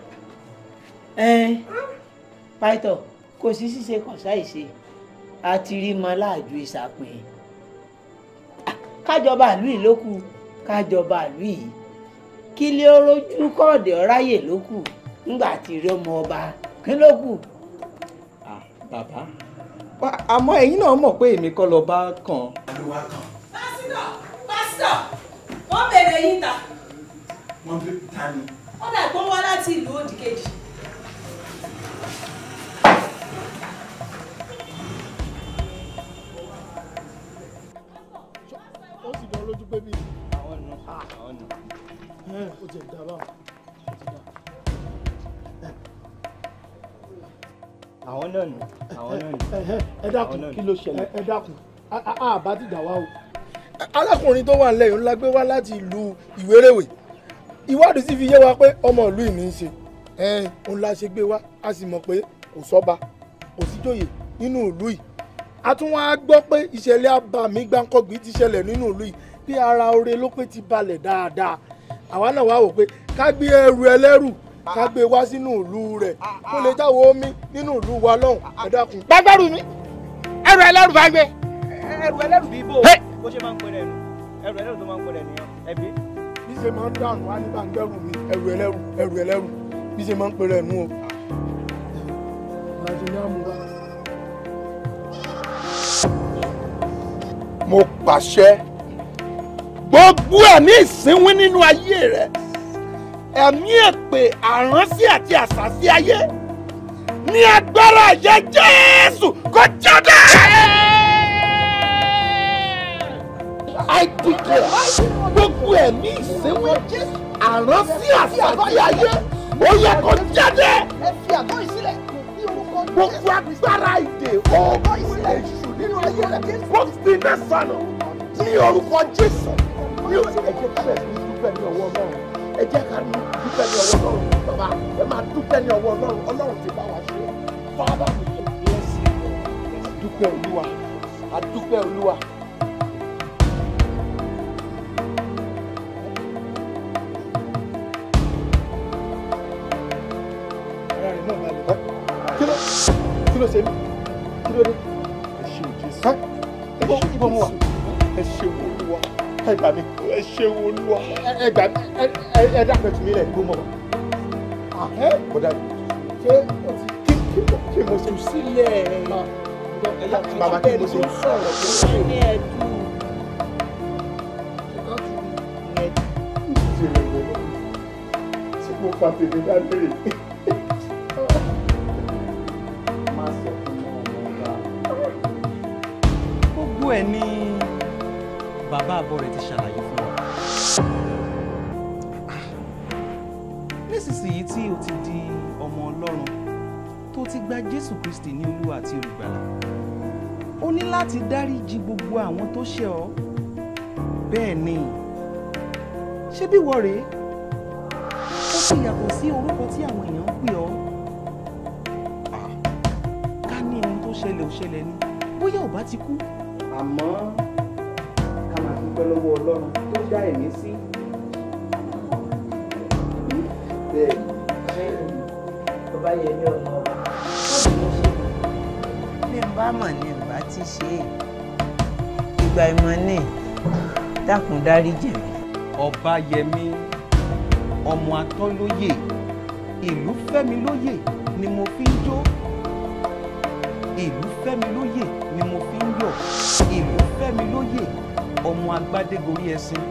Eh? Ah. pàìtọ̀ kò sí ṣíṣe kọsá ṣàìṣe a ti rí mọ láàjù ìsàpín kájọba àlú yìí ló kù kájọba àlú yìí kí lè rojú kọ́ọ̀dẹ̀ ọ̀ráyè lókù kù nígbà tí rí ọmọ ọba kí ló bàbá àmọ́ ẹ̀yin náà mọ̀ pé èmi kọ́ lọ bá kàn. olúwa kan. pásítọ̀ pásítọ̀ wọ́n bèrè yín ta. wọ́n bèrè ta ni. wọ́n dàgbọ́n wá láti ìlú òdìkejì. gbé bí. àwọn nù ah, àwọn nù. Eh, ó ti dà báwọn ó ti dà. àwọn náà nù àwọn náà nù. Eh, eh, ẹ dákun kí ló ṣẹlẹ̀ ẹ dákun àbá ti dà wá o. arákùnrin tó wà nílẹ̀ yìí ńlá gbé wá láti ìlú ìwérèwé ìwádìí sì fi yé wa pé ọmọ ìlú ìní ń ṣe òun la ṣe gbé wá a sì mọ̀ pé kò sọ́ba kò sí jòyè nínú ìlú yìí a tún wá gbọ́ pé ìṣẹ̀lẹ̀ abàmì gbáǹkọ́gbì ti ṣẹlẹ̀ nínú ìlú yìí pé ara oore ló pé ti balẹ̀ dáadáa àwa náà wá wò pé ká gbé ẹrù ẹlẹ́rù ká gbé wá sínú ìlú rẹ̀ kó lè jáwọ́ omi nínú ìlú wa lọ́hùn ẹ dákun. gbàgbọ́rù mi ẹrù ẹlẹ́rù bá gbé. ẹrù ẹlẹ́rù bíi bò ṣe máa ń pẹ̀lẹ́ nu ẹrù ẹlẹ́rù tó máa ń pẹ̀lẹ́ nìyẹn ẹbí. bí ṣe máa ń dànù wá nígbà ń mi ẹrù ẹlẹ́rù ẹrù ẹlẹ́rù bí ṣe máa ń pẹ̀lẹ́ nu o. mo pàṣẹ gbogbo ẹ̀mí ìsínwín nínú ayé rẹ ẹ̀mí èpè àránsí àti àsásí ayé ní agbára ẹ̀jẹ̀ Jésù kò jáde. I declare gbogbo ẹ̀mí ìsínwín àránsí àsásí ayé ó yẹ kó jáde. gbogbo agbára ìdè ó èṣù nínú ayé rẹ kó fi iná sànù ní orúkọ Jésù mi ò ẹ jẹ́ ká bẹ̀rẹ̀ sí dúpẹ́ ní ọwọ́ ọlọ́run ẹ jẹ́ ká dúpẹ́ ní ọwọ́ ọlọ́run bàbá ẹ máa dúpẹ́ ní ọwọ́ ọlọ́run ọlọ́run ti bá wa ṣe fáadà mi adúpẹ́ olúwa adúpẹ́ olúwa. kí ló ṣe mí kí ló dé. ẹ ṣe òjì sí. ẹ ṣe òjì sí. ẹ ṣe òjì sí ẹ gbà ẹ ṣeun olúwa ẹ gbà mí ẹ dàpẹ́ mi lẹ̀ kó mọ̀ ẹ kódà ṣé kí mo ṣe sílẹ̀ bàbá kí mo ṣe sọ̀rọ̀ tó Mo fa Gbogbo ẹ̀ ni bàbá àbọ̀ rẹ̀ ti ṣàlàyé fún wa. nísinsìnyí tí o ti di ọmọ ọlọ́run tó ti gba jésù kristi ní olúwa àti olùgbàlà o ní láti dáríji gbogbo àwọn tó ṣẹ̀ ọ́ bẹ́ẹ̀ ni ṣé bí wọ́n rèé ó sì yàtọ̀ sí orúkọ tí àwọn èèyàn ń pè ọ́ ah, ká ní ohun tó ṣẹlẹ̀ ò ṣẹlẹ̀ ni bóyá ò bá ti kú. àmọ́ dúpẹ́ lọ́wọ́ ọlọ́run tó dá ẹ̀mí sí. bẹ́ẹ̀ ni bàbá yẹ ní ọ̀nà ọ̀la. ni bá ti ṣe é ìgbà ìmọ̀ ni dákun dáríjì mi. ọba yẹmi ọmọ atọ́ lóye ìlú fẹ́mi lóye ni mo fi ń jó ìlú fẹ́mi lóye ni mo fi ń yọ̀ ìlú fẹ́mi lóye ọmọ agbádégorí ẹṣin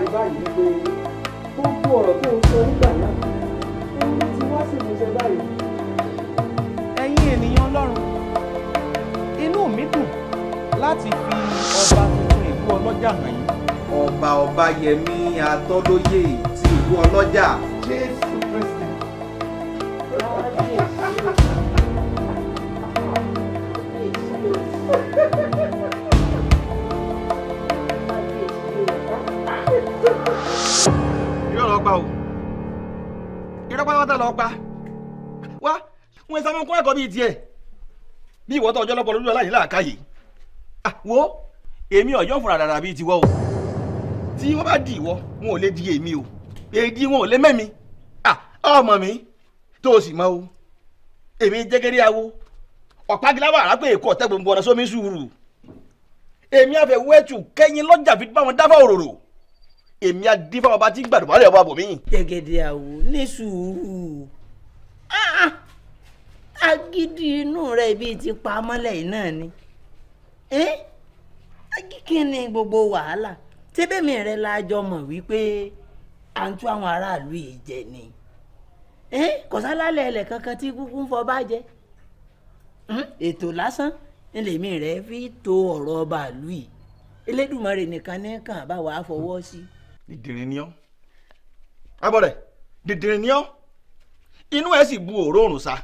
rí báyìí wípé gbogbo ọ̀rọ̀ tó ń sọ nígbà náà ẹni tí wá sì ti ṣe báyìí. ẹ̀yin ènìyàn ọlọ́run inú mi dùn láti fi ọba tuntun ìlú ọlọ́jà hàn yín. ọba ọba yẹmí atọ́lóyè ti ìlú ọlọ́jà jésù. pátá lọ pa wá wọn ẹ sàmọ kún ẹ̀kọ́ bíi tiẹ̀ bí ìwọ tó ọjọ́ lọ́pọ̀ lójú aláìní làákàyè ah, wo èmi ọjọ́ fúnra dàdà bíi tiwọ o tí wọ́n bá di ìwọ wọn ò lè di èmi o èdè wọn ò lè mẹ́mi ah, ọmọ mi tó o sì mọ o èmi jẹ́gẹ́rẹ́ awo ọ̀págiláwà àrápè èkó ọ̀tẹ́ sómi sùúrù èmi àfẹ́wẹ́tù kẹ́yìn lọ́jà fi bá dáfà òróró èmi adífá ọba tí gbàdúrà lè ọba bò mí. gẹ́gẹ́dẹ́ àwò ní sùúrù ah, ah. agídí inú rẹ bíi ti pa mọ́lẹ̀ yìí náà ni kí ni gbogbo wàhálà tẹ́bẹ̀mí rẹ lájọ mọ̀ wípé à ń tú àwọn aráàlú yìí jẹ ni kò sálálẹ̀ ẹlẹ̀ kankan tí kúkú ń fọba jẹ hmm, ètò lásán ńlẹ̀mí rẹ fi to ọ̀rọ̀ ọba yìí Elédùmarè nìkan ní kàn bá wàá fọwọ́ sí. Si dìdìrín ni ọ́ abọ́rẹ̀ dìdìrín ni ọ́ inú ẹ̀ sì bu òróòrùn sa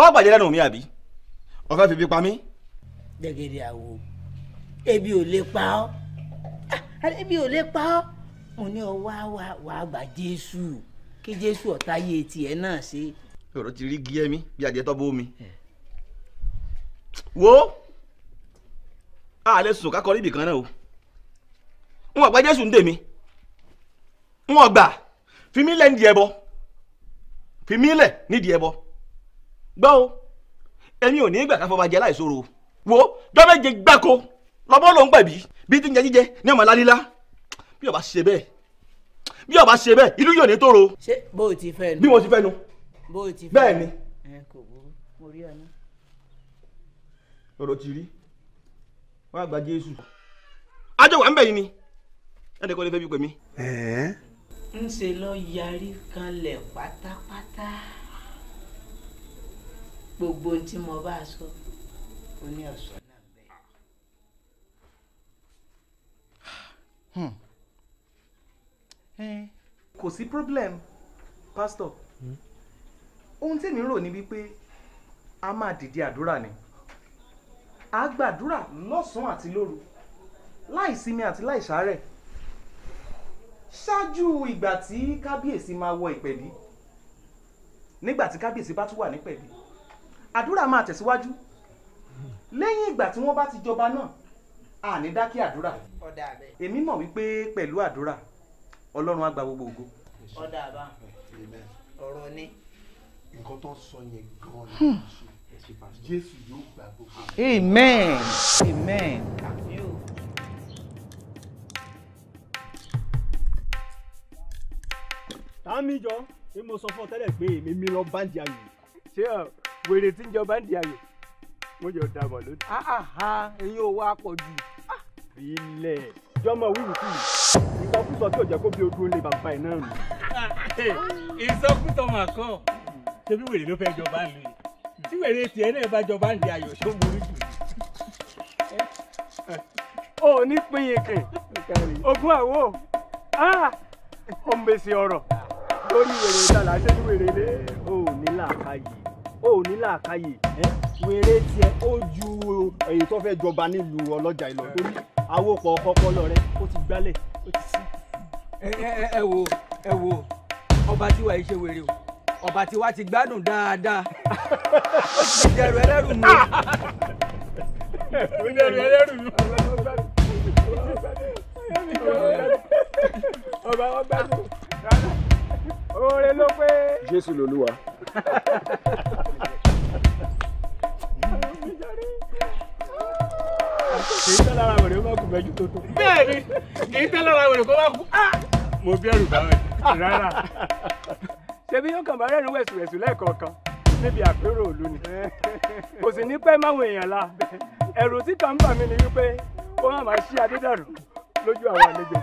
ọ́ bàjẹ́ lẹ́nu mi àbí o fẹ́ fi bí pa mí. gẹ́gẹ́rẹ́ àwo ebi ò lè pa ọ́ ah, ebi ò lè pa ọ́ mo ní ọ wá wàá gbà Jésù kí Jésù ọ̀tá yé tiẹ̀ náà ṣe. ọ̀rọ̀ ti rí gí ẹ̀mí bí adìẹ tọ́ bó mi eh. wo a lè sùn ká kọrí ibì kan náà o n ò gbà jésù ń tèmi n ò gbà fi mí lẹ̀ nídìí ẹbọ fi mí nídìí ẹbọ gbọ́ o èmi ò ní gbà ká fọba jẹ láìsòro wo dọ́méje gbáko lọ́bọ́ ló ń pẹ̀bí bí ti ń jẹ jíjẹ ní ọmọ alálílá bí ọba ṣe bẹ́ẹ̀ bí ọba ṣe bẹ́ẹ̀ ìlú yóò ní tòrò. ṣé bó o ti fẹ́ nu. bí mo ti fẹ́ nu. bó o ti fẹ́ nu. bẹ́ẹ̀ ni. ẹ kò burú mo rí ọ ní. ti rí wọ́n á gba jésù. ajọ wà ń bẹ̀ yìí ni ẹnì kan lè fẹ́ bí pè mí. lọ yarí kanlẹ̀ pátápátá gbogbo tí mo bá sọ ó ní ọ̀sán náà bẹ́ẹ̀. Hmm. Eh. kò sí problem pastor hmm. ohun tí èmi rò ní wípé a máa dìde àdúrà ni a gbàdúrà lọ́sàn-án àti lóru láì sinmi àti láì ṣàárẹ̀ ṣáájú ìgbà tí kábíyèsí máa wọ ìpẹ̀bí nígbà tí kábíyèsí bá tún wà nípẹ̀bí àdúrà máa tẹ̀síwájú lẹ́yìn ìgbà tí wọ́n bá ti jọba náà àní dákí àdúrà èmi mọ̀ wípé pẹ̀lú àdúrà ọlọ́run á gba gbogbo ògo. ọ̀dà àbá ọ̀rọ̀ ni. nǹkan tó ń sọ yẹn gan-an ni hmm. jésù yóò gba gbogbo. amen amen. amen. tàmí jọ ni mo sọ fún ọ tẹ́lẹ̀ pé èmi mi lọ báńdì ayò. ṣé ọ wèrè tí ń jọ báńdì ayò mo jọ da mọ lónìí. àhà eyín owó apọ̀ jù. ilé jọmọ wíwùkú ìsọkúsọ tí ò jẹ́ kó bí ojú olè bàbá ẹ̀ náà nù. ìsọkúsọ mà kọ́ tẹbí wèrè ló fẹ́ jọba ń lè tí wèrè tiẹ̀ náà bá jọba ń lè ayò ṣó burú jù. o ò ní pín yín kìn ogún àwo ọmọ èsì ọ̀rọ̀ lórí wèrè ìtàlá ṣé ní wèrè lé o ò ní làákàyè o ò ní làákàyè wèrè tiẹ̀ ó ju èyí tó fẹ́ jọba nílùú ọlọ́jà ìlọ torí awopọ̀ ọkọ̀ọ̀kọ̀ lọ rẹ ó ti gbálẹ̀ ó ti sí. ẹ wo ẹ wo ọba tí wàá ṣe wèrè o ọba tí wàá ti gbádùn dáadáa ó ti dẹrù ẹlẹ́rù mi. ó dẹrù ẹlẹ́rù mi. ọba wọn gbádùn oore ló pé. jésù lolúwa. kì í tẹ́ lára wèrè kó má kú mẹ́jú tó tó. bẹ́ẹ̀ni kì í tẹ́ lára wèrè kó má kú. Ah! mo bẹ̀rù báwọn rárá. ṣebí yóò kàn bá rẹ́rìn wẹ̀sùwẹ̀sù lẹ́ẹ̀kọ̀ọ̀kan níbi àpérò òlu ni kò sì ní pẹ́ máwọn èèyàn la ẹ̀rù tí kàn ń bà mí ni wípé kó má máa ṣí adédàrú lójú àwọn àlejò.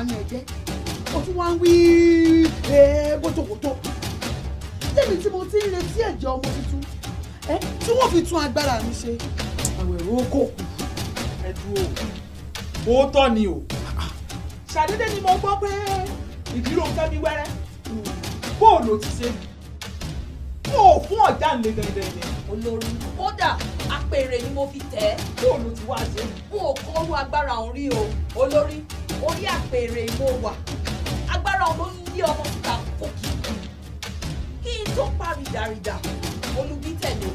wá ní ẹgbẹ́ o tún wá ń wí kótókótó tèmi tí mo ti ń retí ẹ̀jẹ̀ ọmọ tuntun ẹ tí wọ́n fi tún agbára mi ṣe àwọn èrò oko kù. ẹ dúró òótọ́ ni o ṣàdédé ni mo gbọ́ pé ìdírò ń fẹ́ mi wẹ́rẹ́ bóòlù ti ṣe kó o fún ọ̀dà ńlẹ̀ dandan ni. olórí kódà apèrè ni mo fi tẹ̀ ẹ́. bóòlù ti wá ṣe. n ò kọ́ ọ́rú agbára òun rí o olórí Ere mo wà agbára olóyún ní ọmọ síta kó kí n tó pa rìdàrìdà olùbí tẹ̀lé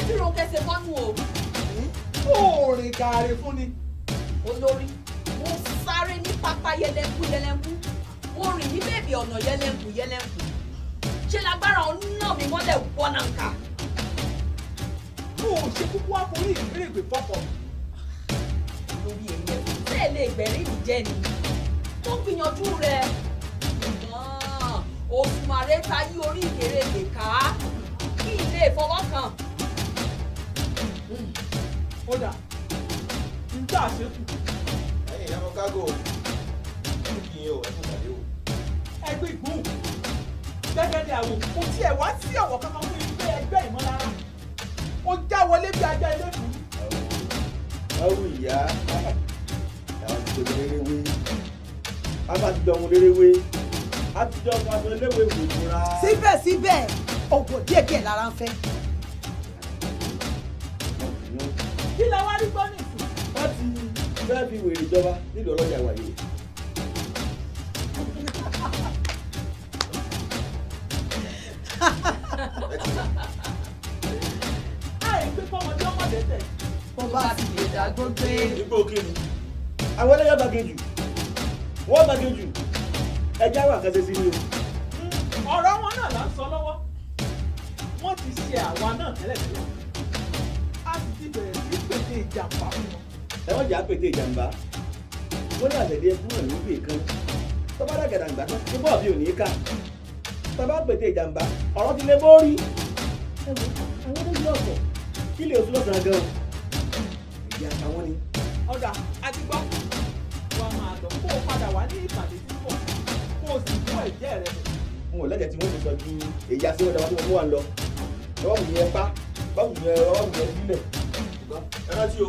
ìdúró kẹsẹ̀ fọ́nù O oòrùn hm? kààrẹ fún ni. olórí mo sáré ní pápá yẹlẹnkú yẹlẹnkú o rìn ní bèbè ọ̀nà yẹlẹnkú yẹlẹnkú náà tó gbìyànjú rẹ̀ òṣùmàrè ta yí orí ìkéré ìka kí ilé ìfọwọ́kàn. ó dà ń tà ṣètù. ẹ̀yin ìyá mọ kágò ó kì í yẹn o ẹ fún ìpàdé o. ẹgbẹ́ ìgbóhùn gẹ́gẹ́ ni àwọn òkú tí ẹ̀ wá sí ọ̀wọ̀ kankan fún ilé ẹgbẹ́ ìmọ̀lára ó já wọlé bí ajá ilé kù. ẹ wù ìyá ẹ wà ní tòlérèwé abájọ ọmọ léréwé àtijọ́ ọmọ aṣọ eléwé wò ìtura. síbẹ̀síbẹ̀ ọ̀pọ̀ díẹ̀ díẹ̀ lára ń fẹ́. kí la wá rí gbọ́nì sí. láti fẹ́ fi wèrè ìjọba nílùú ọlọ́jà wáyé. àìpé fọmọdé ọmọdé tẹ. bó bá ti lè dá gbogbo. ìgbó kí ni àwọn ẹlẹ́yà bá gé jù wọ́n gbàgbé jù ẹjẹ́ àwọn àkàṣe sí ni o. ọ̀rọ̀ wọn náà là ń sọ lọ́wọ́ wọ́n ti ṣe àwa náà tẹ́lẹ̀ tẹ́lẹ̀ a sì ti bẹ̀rẹ̀ sí pété ìjàmbá fún wọn. ẹ wọ́n jà pété ìjàmbá wọ́n ní àtẹ̀dẹ́ fún ẹ̀ níbi ìkan e tọ́ba dàgàdà gbà tán ní bọ́ọ̀bì ò ní í kà tọ́ba pété ìjàmbá ọ̀rọ̀ ti lé bórí àwọn méjì ọ̀sọ̀ kí lè oṣù lọ́sàn-án gan-an ìyá àtàwọn ni. ọ̀dà àti gbọ́ lọ kó o padà wá ní ìpàdé tí wọ́n kó o sì fún ẹ̀jẹ̀ rẹ. n ò lẹ́jẹ̀ tí wọ́n ti sọ ju èyí àti ọ̀dà wọn tó wà ń lọ lọ́wọ́ mi yẹn báwo ni ẹ ọwọ́ yẹn sílẹ̀. ẹ rántí o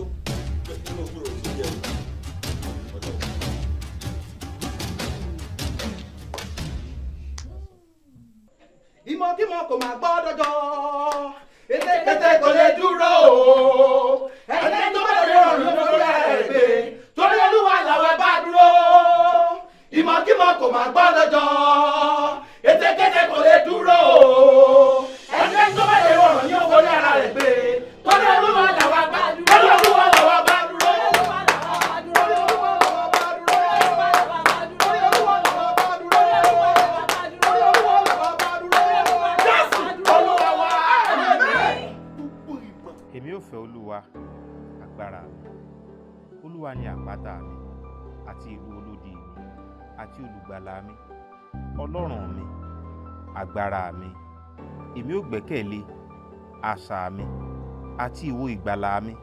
pé inú òkúrò ló yẹ o. ìmọ̀kímọ̀ kò máa gbọ́ dọ́jọ́ ètè kété kò lè dúró o ẹni tó bá lè rọrùn lórí àìpé ẹ bá dúró ìmọ̀kímọ̀ kò má gbọ́dọ̀ jọ. àti ìlú olódi mi àti olùgbàlà mi ọlọ́run mi agbára mi èmi ò gbẹ́kẹ̀lé asà mi àti ìwo ìgbàlà mi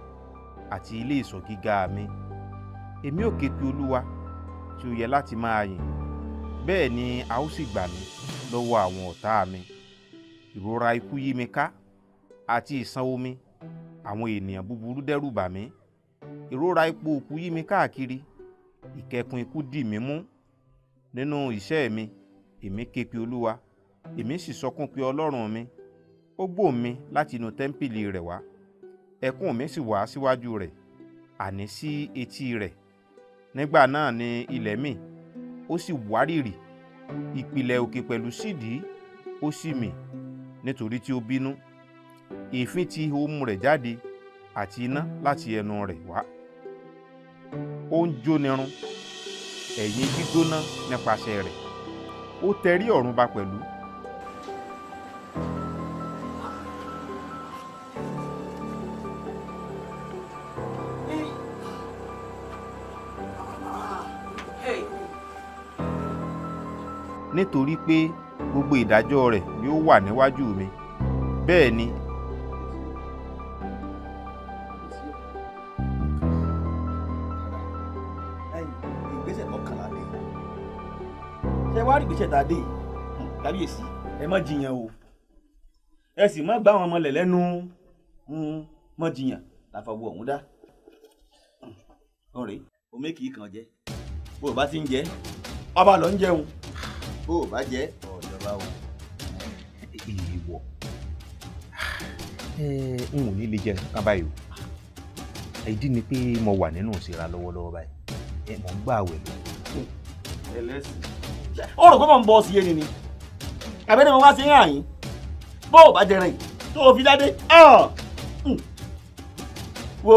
àti ilé ìsọ̀ gíga mi èmi ò ké olúwa tí ó yẹ láti máa yìn bẹ́ẹ̀ ni a ó sì gbà mí lọ́wọ́ àwọn ọ̀tá mi ìrora ikú yí mi ká àti ìsan omi àwọn ènìyàn búburú dẹ́rù bà mí ìrora ipò òkú yí mi káàkiri ìkẹkùn ikú dì mí mú nínú iṣẹ́ mi èmi ké pe olúwa èmi sì sọkún pé ọlọ́run mi ó gbọ́ mi láti inú tẹ́ḿpìlì rẹ̀ wá ẹkún mi sì wá síwájú rẹ̀ àní sí etí rẹ̀ nígbà náà ni ilẹ̀ mì ó sì wárìrì ìpìlẹ̀ òkè pẹ̀lú sídìí ó sì mì nítorí tí ó bínú èéfín ti ohùn rẹ̀ jáde àti iná láti ẹnu rẹ̀ wá ó ń jónirun ẹ̀yìn gbígbóná nípasẹ̀ rẹ̀ ó tẹrí ọ̀run ba pẹ̀lú. nítorí pé gbogbo ìdájọ́ rẹ̀ yóò wà níwájú mi bẹ́ẹ̀ ni wá rí ìgbésẹ̀ tá a dé yìí kábíyèsí ẹ má jiyàn o ẹ sì má gbá àwọn ọmọ lẹ̀ lẹ́nu hmm, má jiyàn láfọwọ́ ọ̀hún dá ọ̀rẹ́ omi kì í kàn jẹ bó o bá ti ń jẹ ọba lọ ń jẹun bó o bá jẹ ọ̀jọba o. ìwọ n ò ní lè jẹ kankan báyìí o ìdí ni pé mo wà nínú ìsira lọ́wọ́lọ́wọ́ báyìí ẹ mọ̀ ń gbà wẹ̀ lọ ó rò pé mò ń bọ́ sí ẹni ni àbẹ́rẹ́ mo wá sí hàn yín bó o bá jẹrìn tó o fi dáadé hmm. wo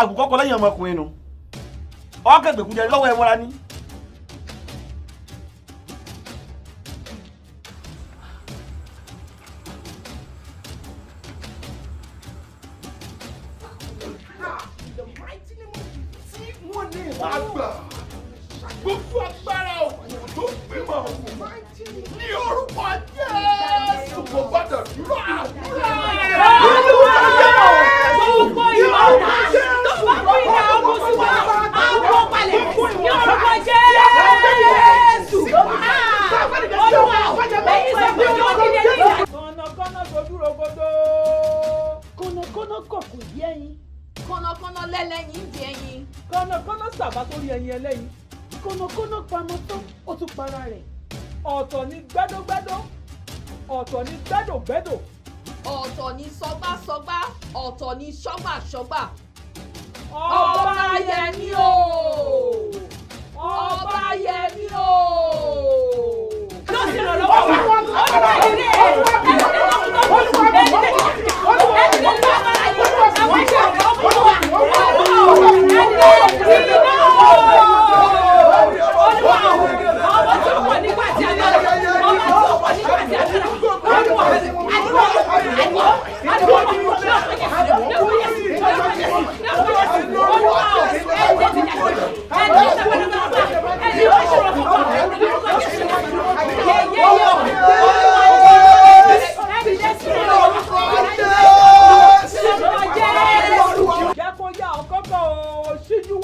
àgùkọ́ kọ lẹ́yìn ọmọkùnrin nu ọ̀ọ́kẹ́gbẹ̀kú jẹ lọ́wọ́ ẹ̀ mọ́ra ní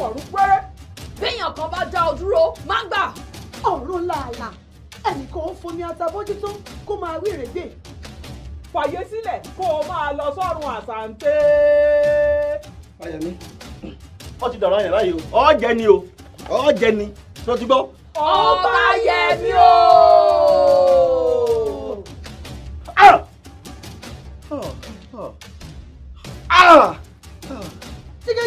ọ̀run péré béèyàn kan bá dá ọ dúró má gbà. ọ̀run làálàá ẹnìkan ó fomi atabójútó kó máa wí rèégbè. fàyè sílẹ̀ kó o máa lọ sọ́run àsàǹtẹ́. ayọ̀mí ó ti dọ̀rọ̀ yẹn báyìí o ó jẹ́ ni o ó jẹ́ ni tó ti gbọ́. ọba yẹmi o. ah. ah! ah! ah!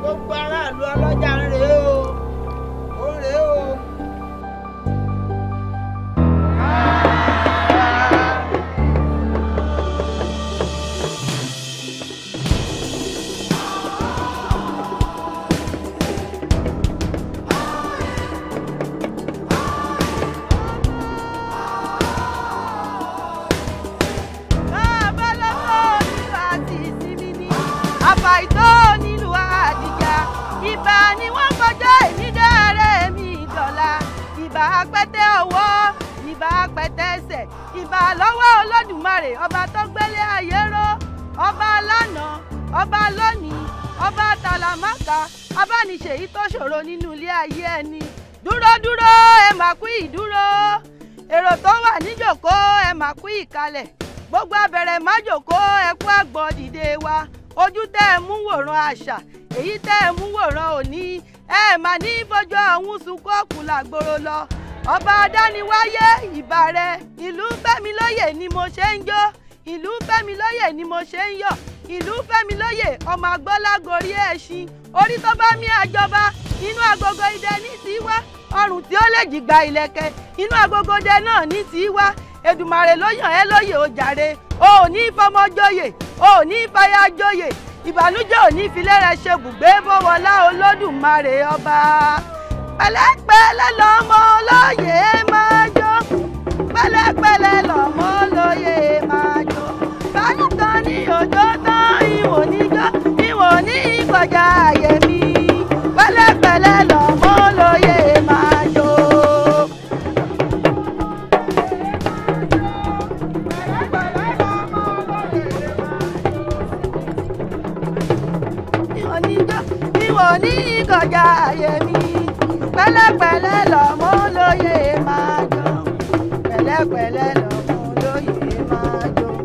gbogbo aráàlú ọlọ́jà ń rèé o. ìbà apẹtẹ ọwọ́ ìbà apẹtẹ ẹsẹ̀ ìbà lọ́wọ́ olódùmarè ọba tó gbélé ayé ró ọba lánàá ọba lónìí ọba tàlàmákà abániṣe yìí tó ṣòro nínú ilé ayé ẹni dúró dúró ẹ mà kú ìdúró èrò tó wà níjòkó ẹ gbogbo abẹ̀rẹ̀ májòkó ẹ kú dìde wa ojú tẹ́ ẹ mú wòran àṣà èyí tẹ́ ẹ mà ní bójú ọ̀hún sunkún òkú làgbòrò lọ ọba adániwáyé ìbàrẹ ìlú fẹ́mi lóyè ni mo ṣe ń jó ìlú fẹ́mi lóyè ni mo ṣe ń yọ̀ ìlú fẹ́mi lóyè ọmọ agbọ́lágorí ẹ̀ṣin orí tó bá mí àjọba inú agogo idẹ ní ti wá ọrùn tí ó lè jìgbà ìlẹ̀kẹ̀ inú agogo idẹ náà ní ti Èdùmàrè ló yàn ẹ́ lóyè jàre o ò ní fọmọ joyè o ò ní fàyà joyè ìbànújẹ́ òní ìfilẹ́rẹ̀ ṣe bùgbé bọ́wọ́lá olódùmarè ọba pẹ̀lẹ́pẹ̀lẹ́ lọ́mọ olóyè máa jó pẹ̀lẹ́pẹ̀lẹ́ lọ́mọ olóyè máa jó báyìí tán ní òjò tán ìwò níjọ́ ìwò ní ìkọjá àyè kọjá ayé mi pẹ̀lẹ́pẹ̀lẹ́ lọmọ lóye máa dùn pẹ̀lẹ́pẹ̀lẹ́ lọmọ lóye máa dùn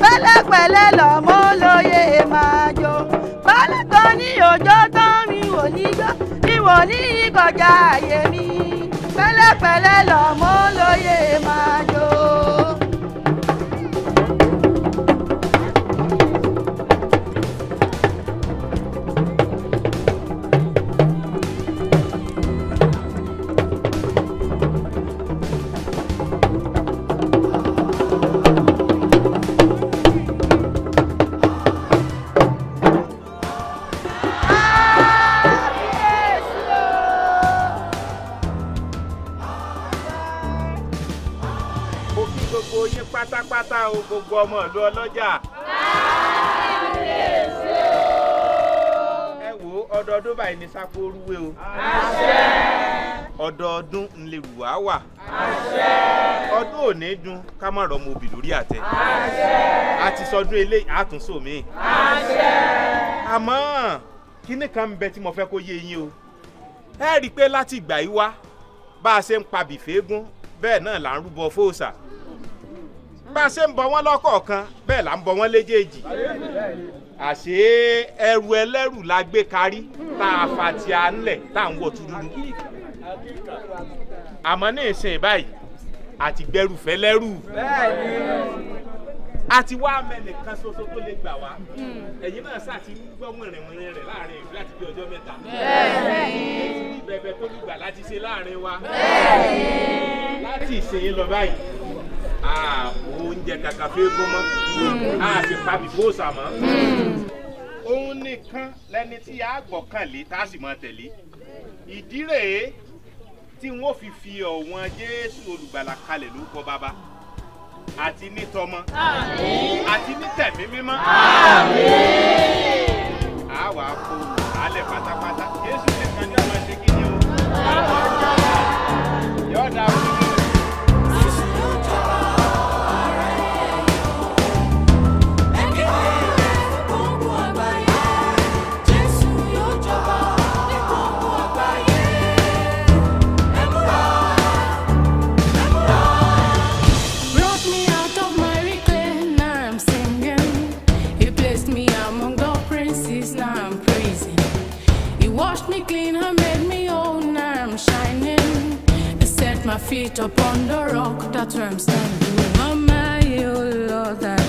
pẹ̀lẹ́pẹ̀lẹ́ lọmọ lóye máa dùn pálíkọ ní òjò tán mi wò ní gbọ́ mi wò ní kọjá ayé mi pẹ̀lẹ́pẹ̀lẹ́ lọmọ lóye máa dùn. gbogbo ọmọ ìlú ọlọ́jà. kábíyèsí o. ẹ wo ọdọọdún báyìí ní sápó orúwé o. àṣẹ. ọdọọdún ńlẹrùwá wà. àṣẹ. ọdún òní dun ká má rọ ọmọ òbí lórí àtẹ. àṣẹ. a ti sọdún eléyìí àtúnṣò mi. àṣẹ. àmọ́ kinní kan ń bẹ tí mo fẹ́ kó yé yín o ẹ rí i pé láti ìgbà yìí wá bá a ṣe ń pa bìfẹ́ gún bẹ́ẹ̀ náà là ń rúbọ fóòṣà bá a ṣe ń bọ wọn lọ́kọ̀ọ̀kan bẹ́ẹ̀ là ń bọ wọn léjèèjì àṣé ẹrù ẹlẹ́rù la gbé karí tá a fà tí a ńlẹ̀ tá à ń wọ túrúrú àmọ́ ní ìsìn báyìí àti gbẹrù fẹ́lẹ́rù àti wá mẹ́nìkan ṣoṣo tó lè gbà wá ẹ̀yin náà ṣáà ti ń gbọ́ rẹ̀ láàrin ìlú àti bí ọjọ́ mẹ́ta bẹ́ẹ̀ ni tó lùgbà láti ṣe láàrin wa láti ìsìn lọ báyìí. Ah, oúnjẹ kàkà fẹ́ẹ́gùn mọ́ hmm. a sì pa bìbóòsà mọ́. Hmm. òun nìkan lẹni tí a gbọ́kànlé tá a sì máa tẹ̀lé ìdí rèé tí wọ́n fi fi ọ̀wọ́n Jésù olùgbàlà kalẹ̀ lórúkọ bàbá àti nítọmọ àti nítẹ̀mí mímọ́. àwa kò wò álẹ̀ pátápátá Jésù nìkan ní ọmọ ṣe kí ni o. my feet upon the rock that turns standing. Oh my, oh Lord,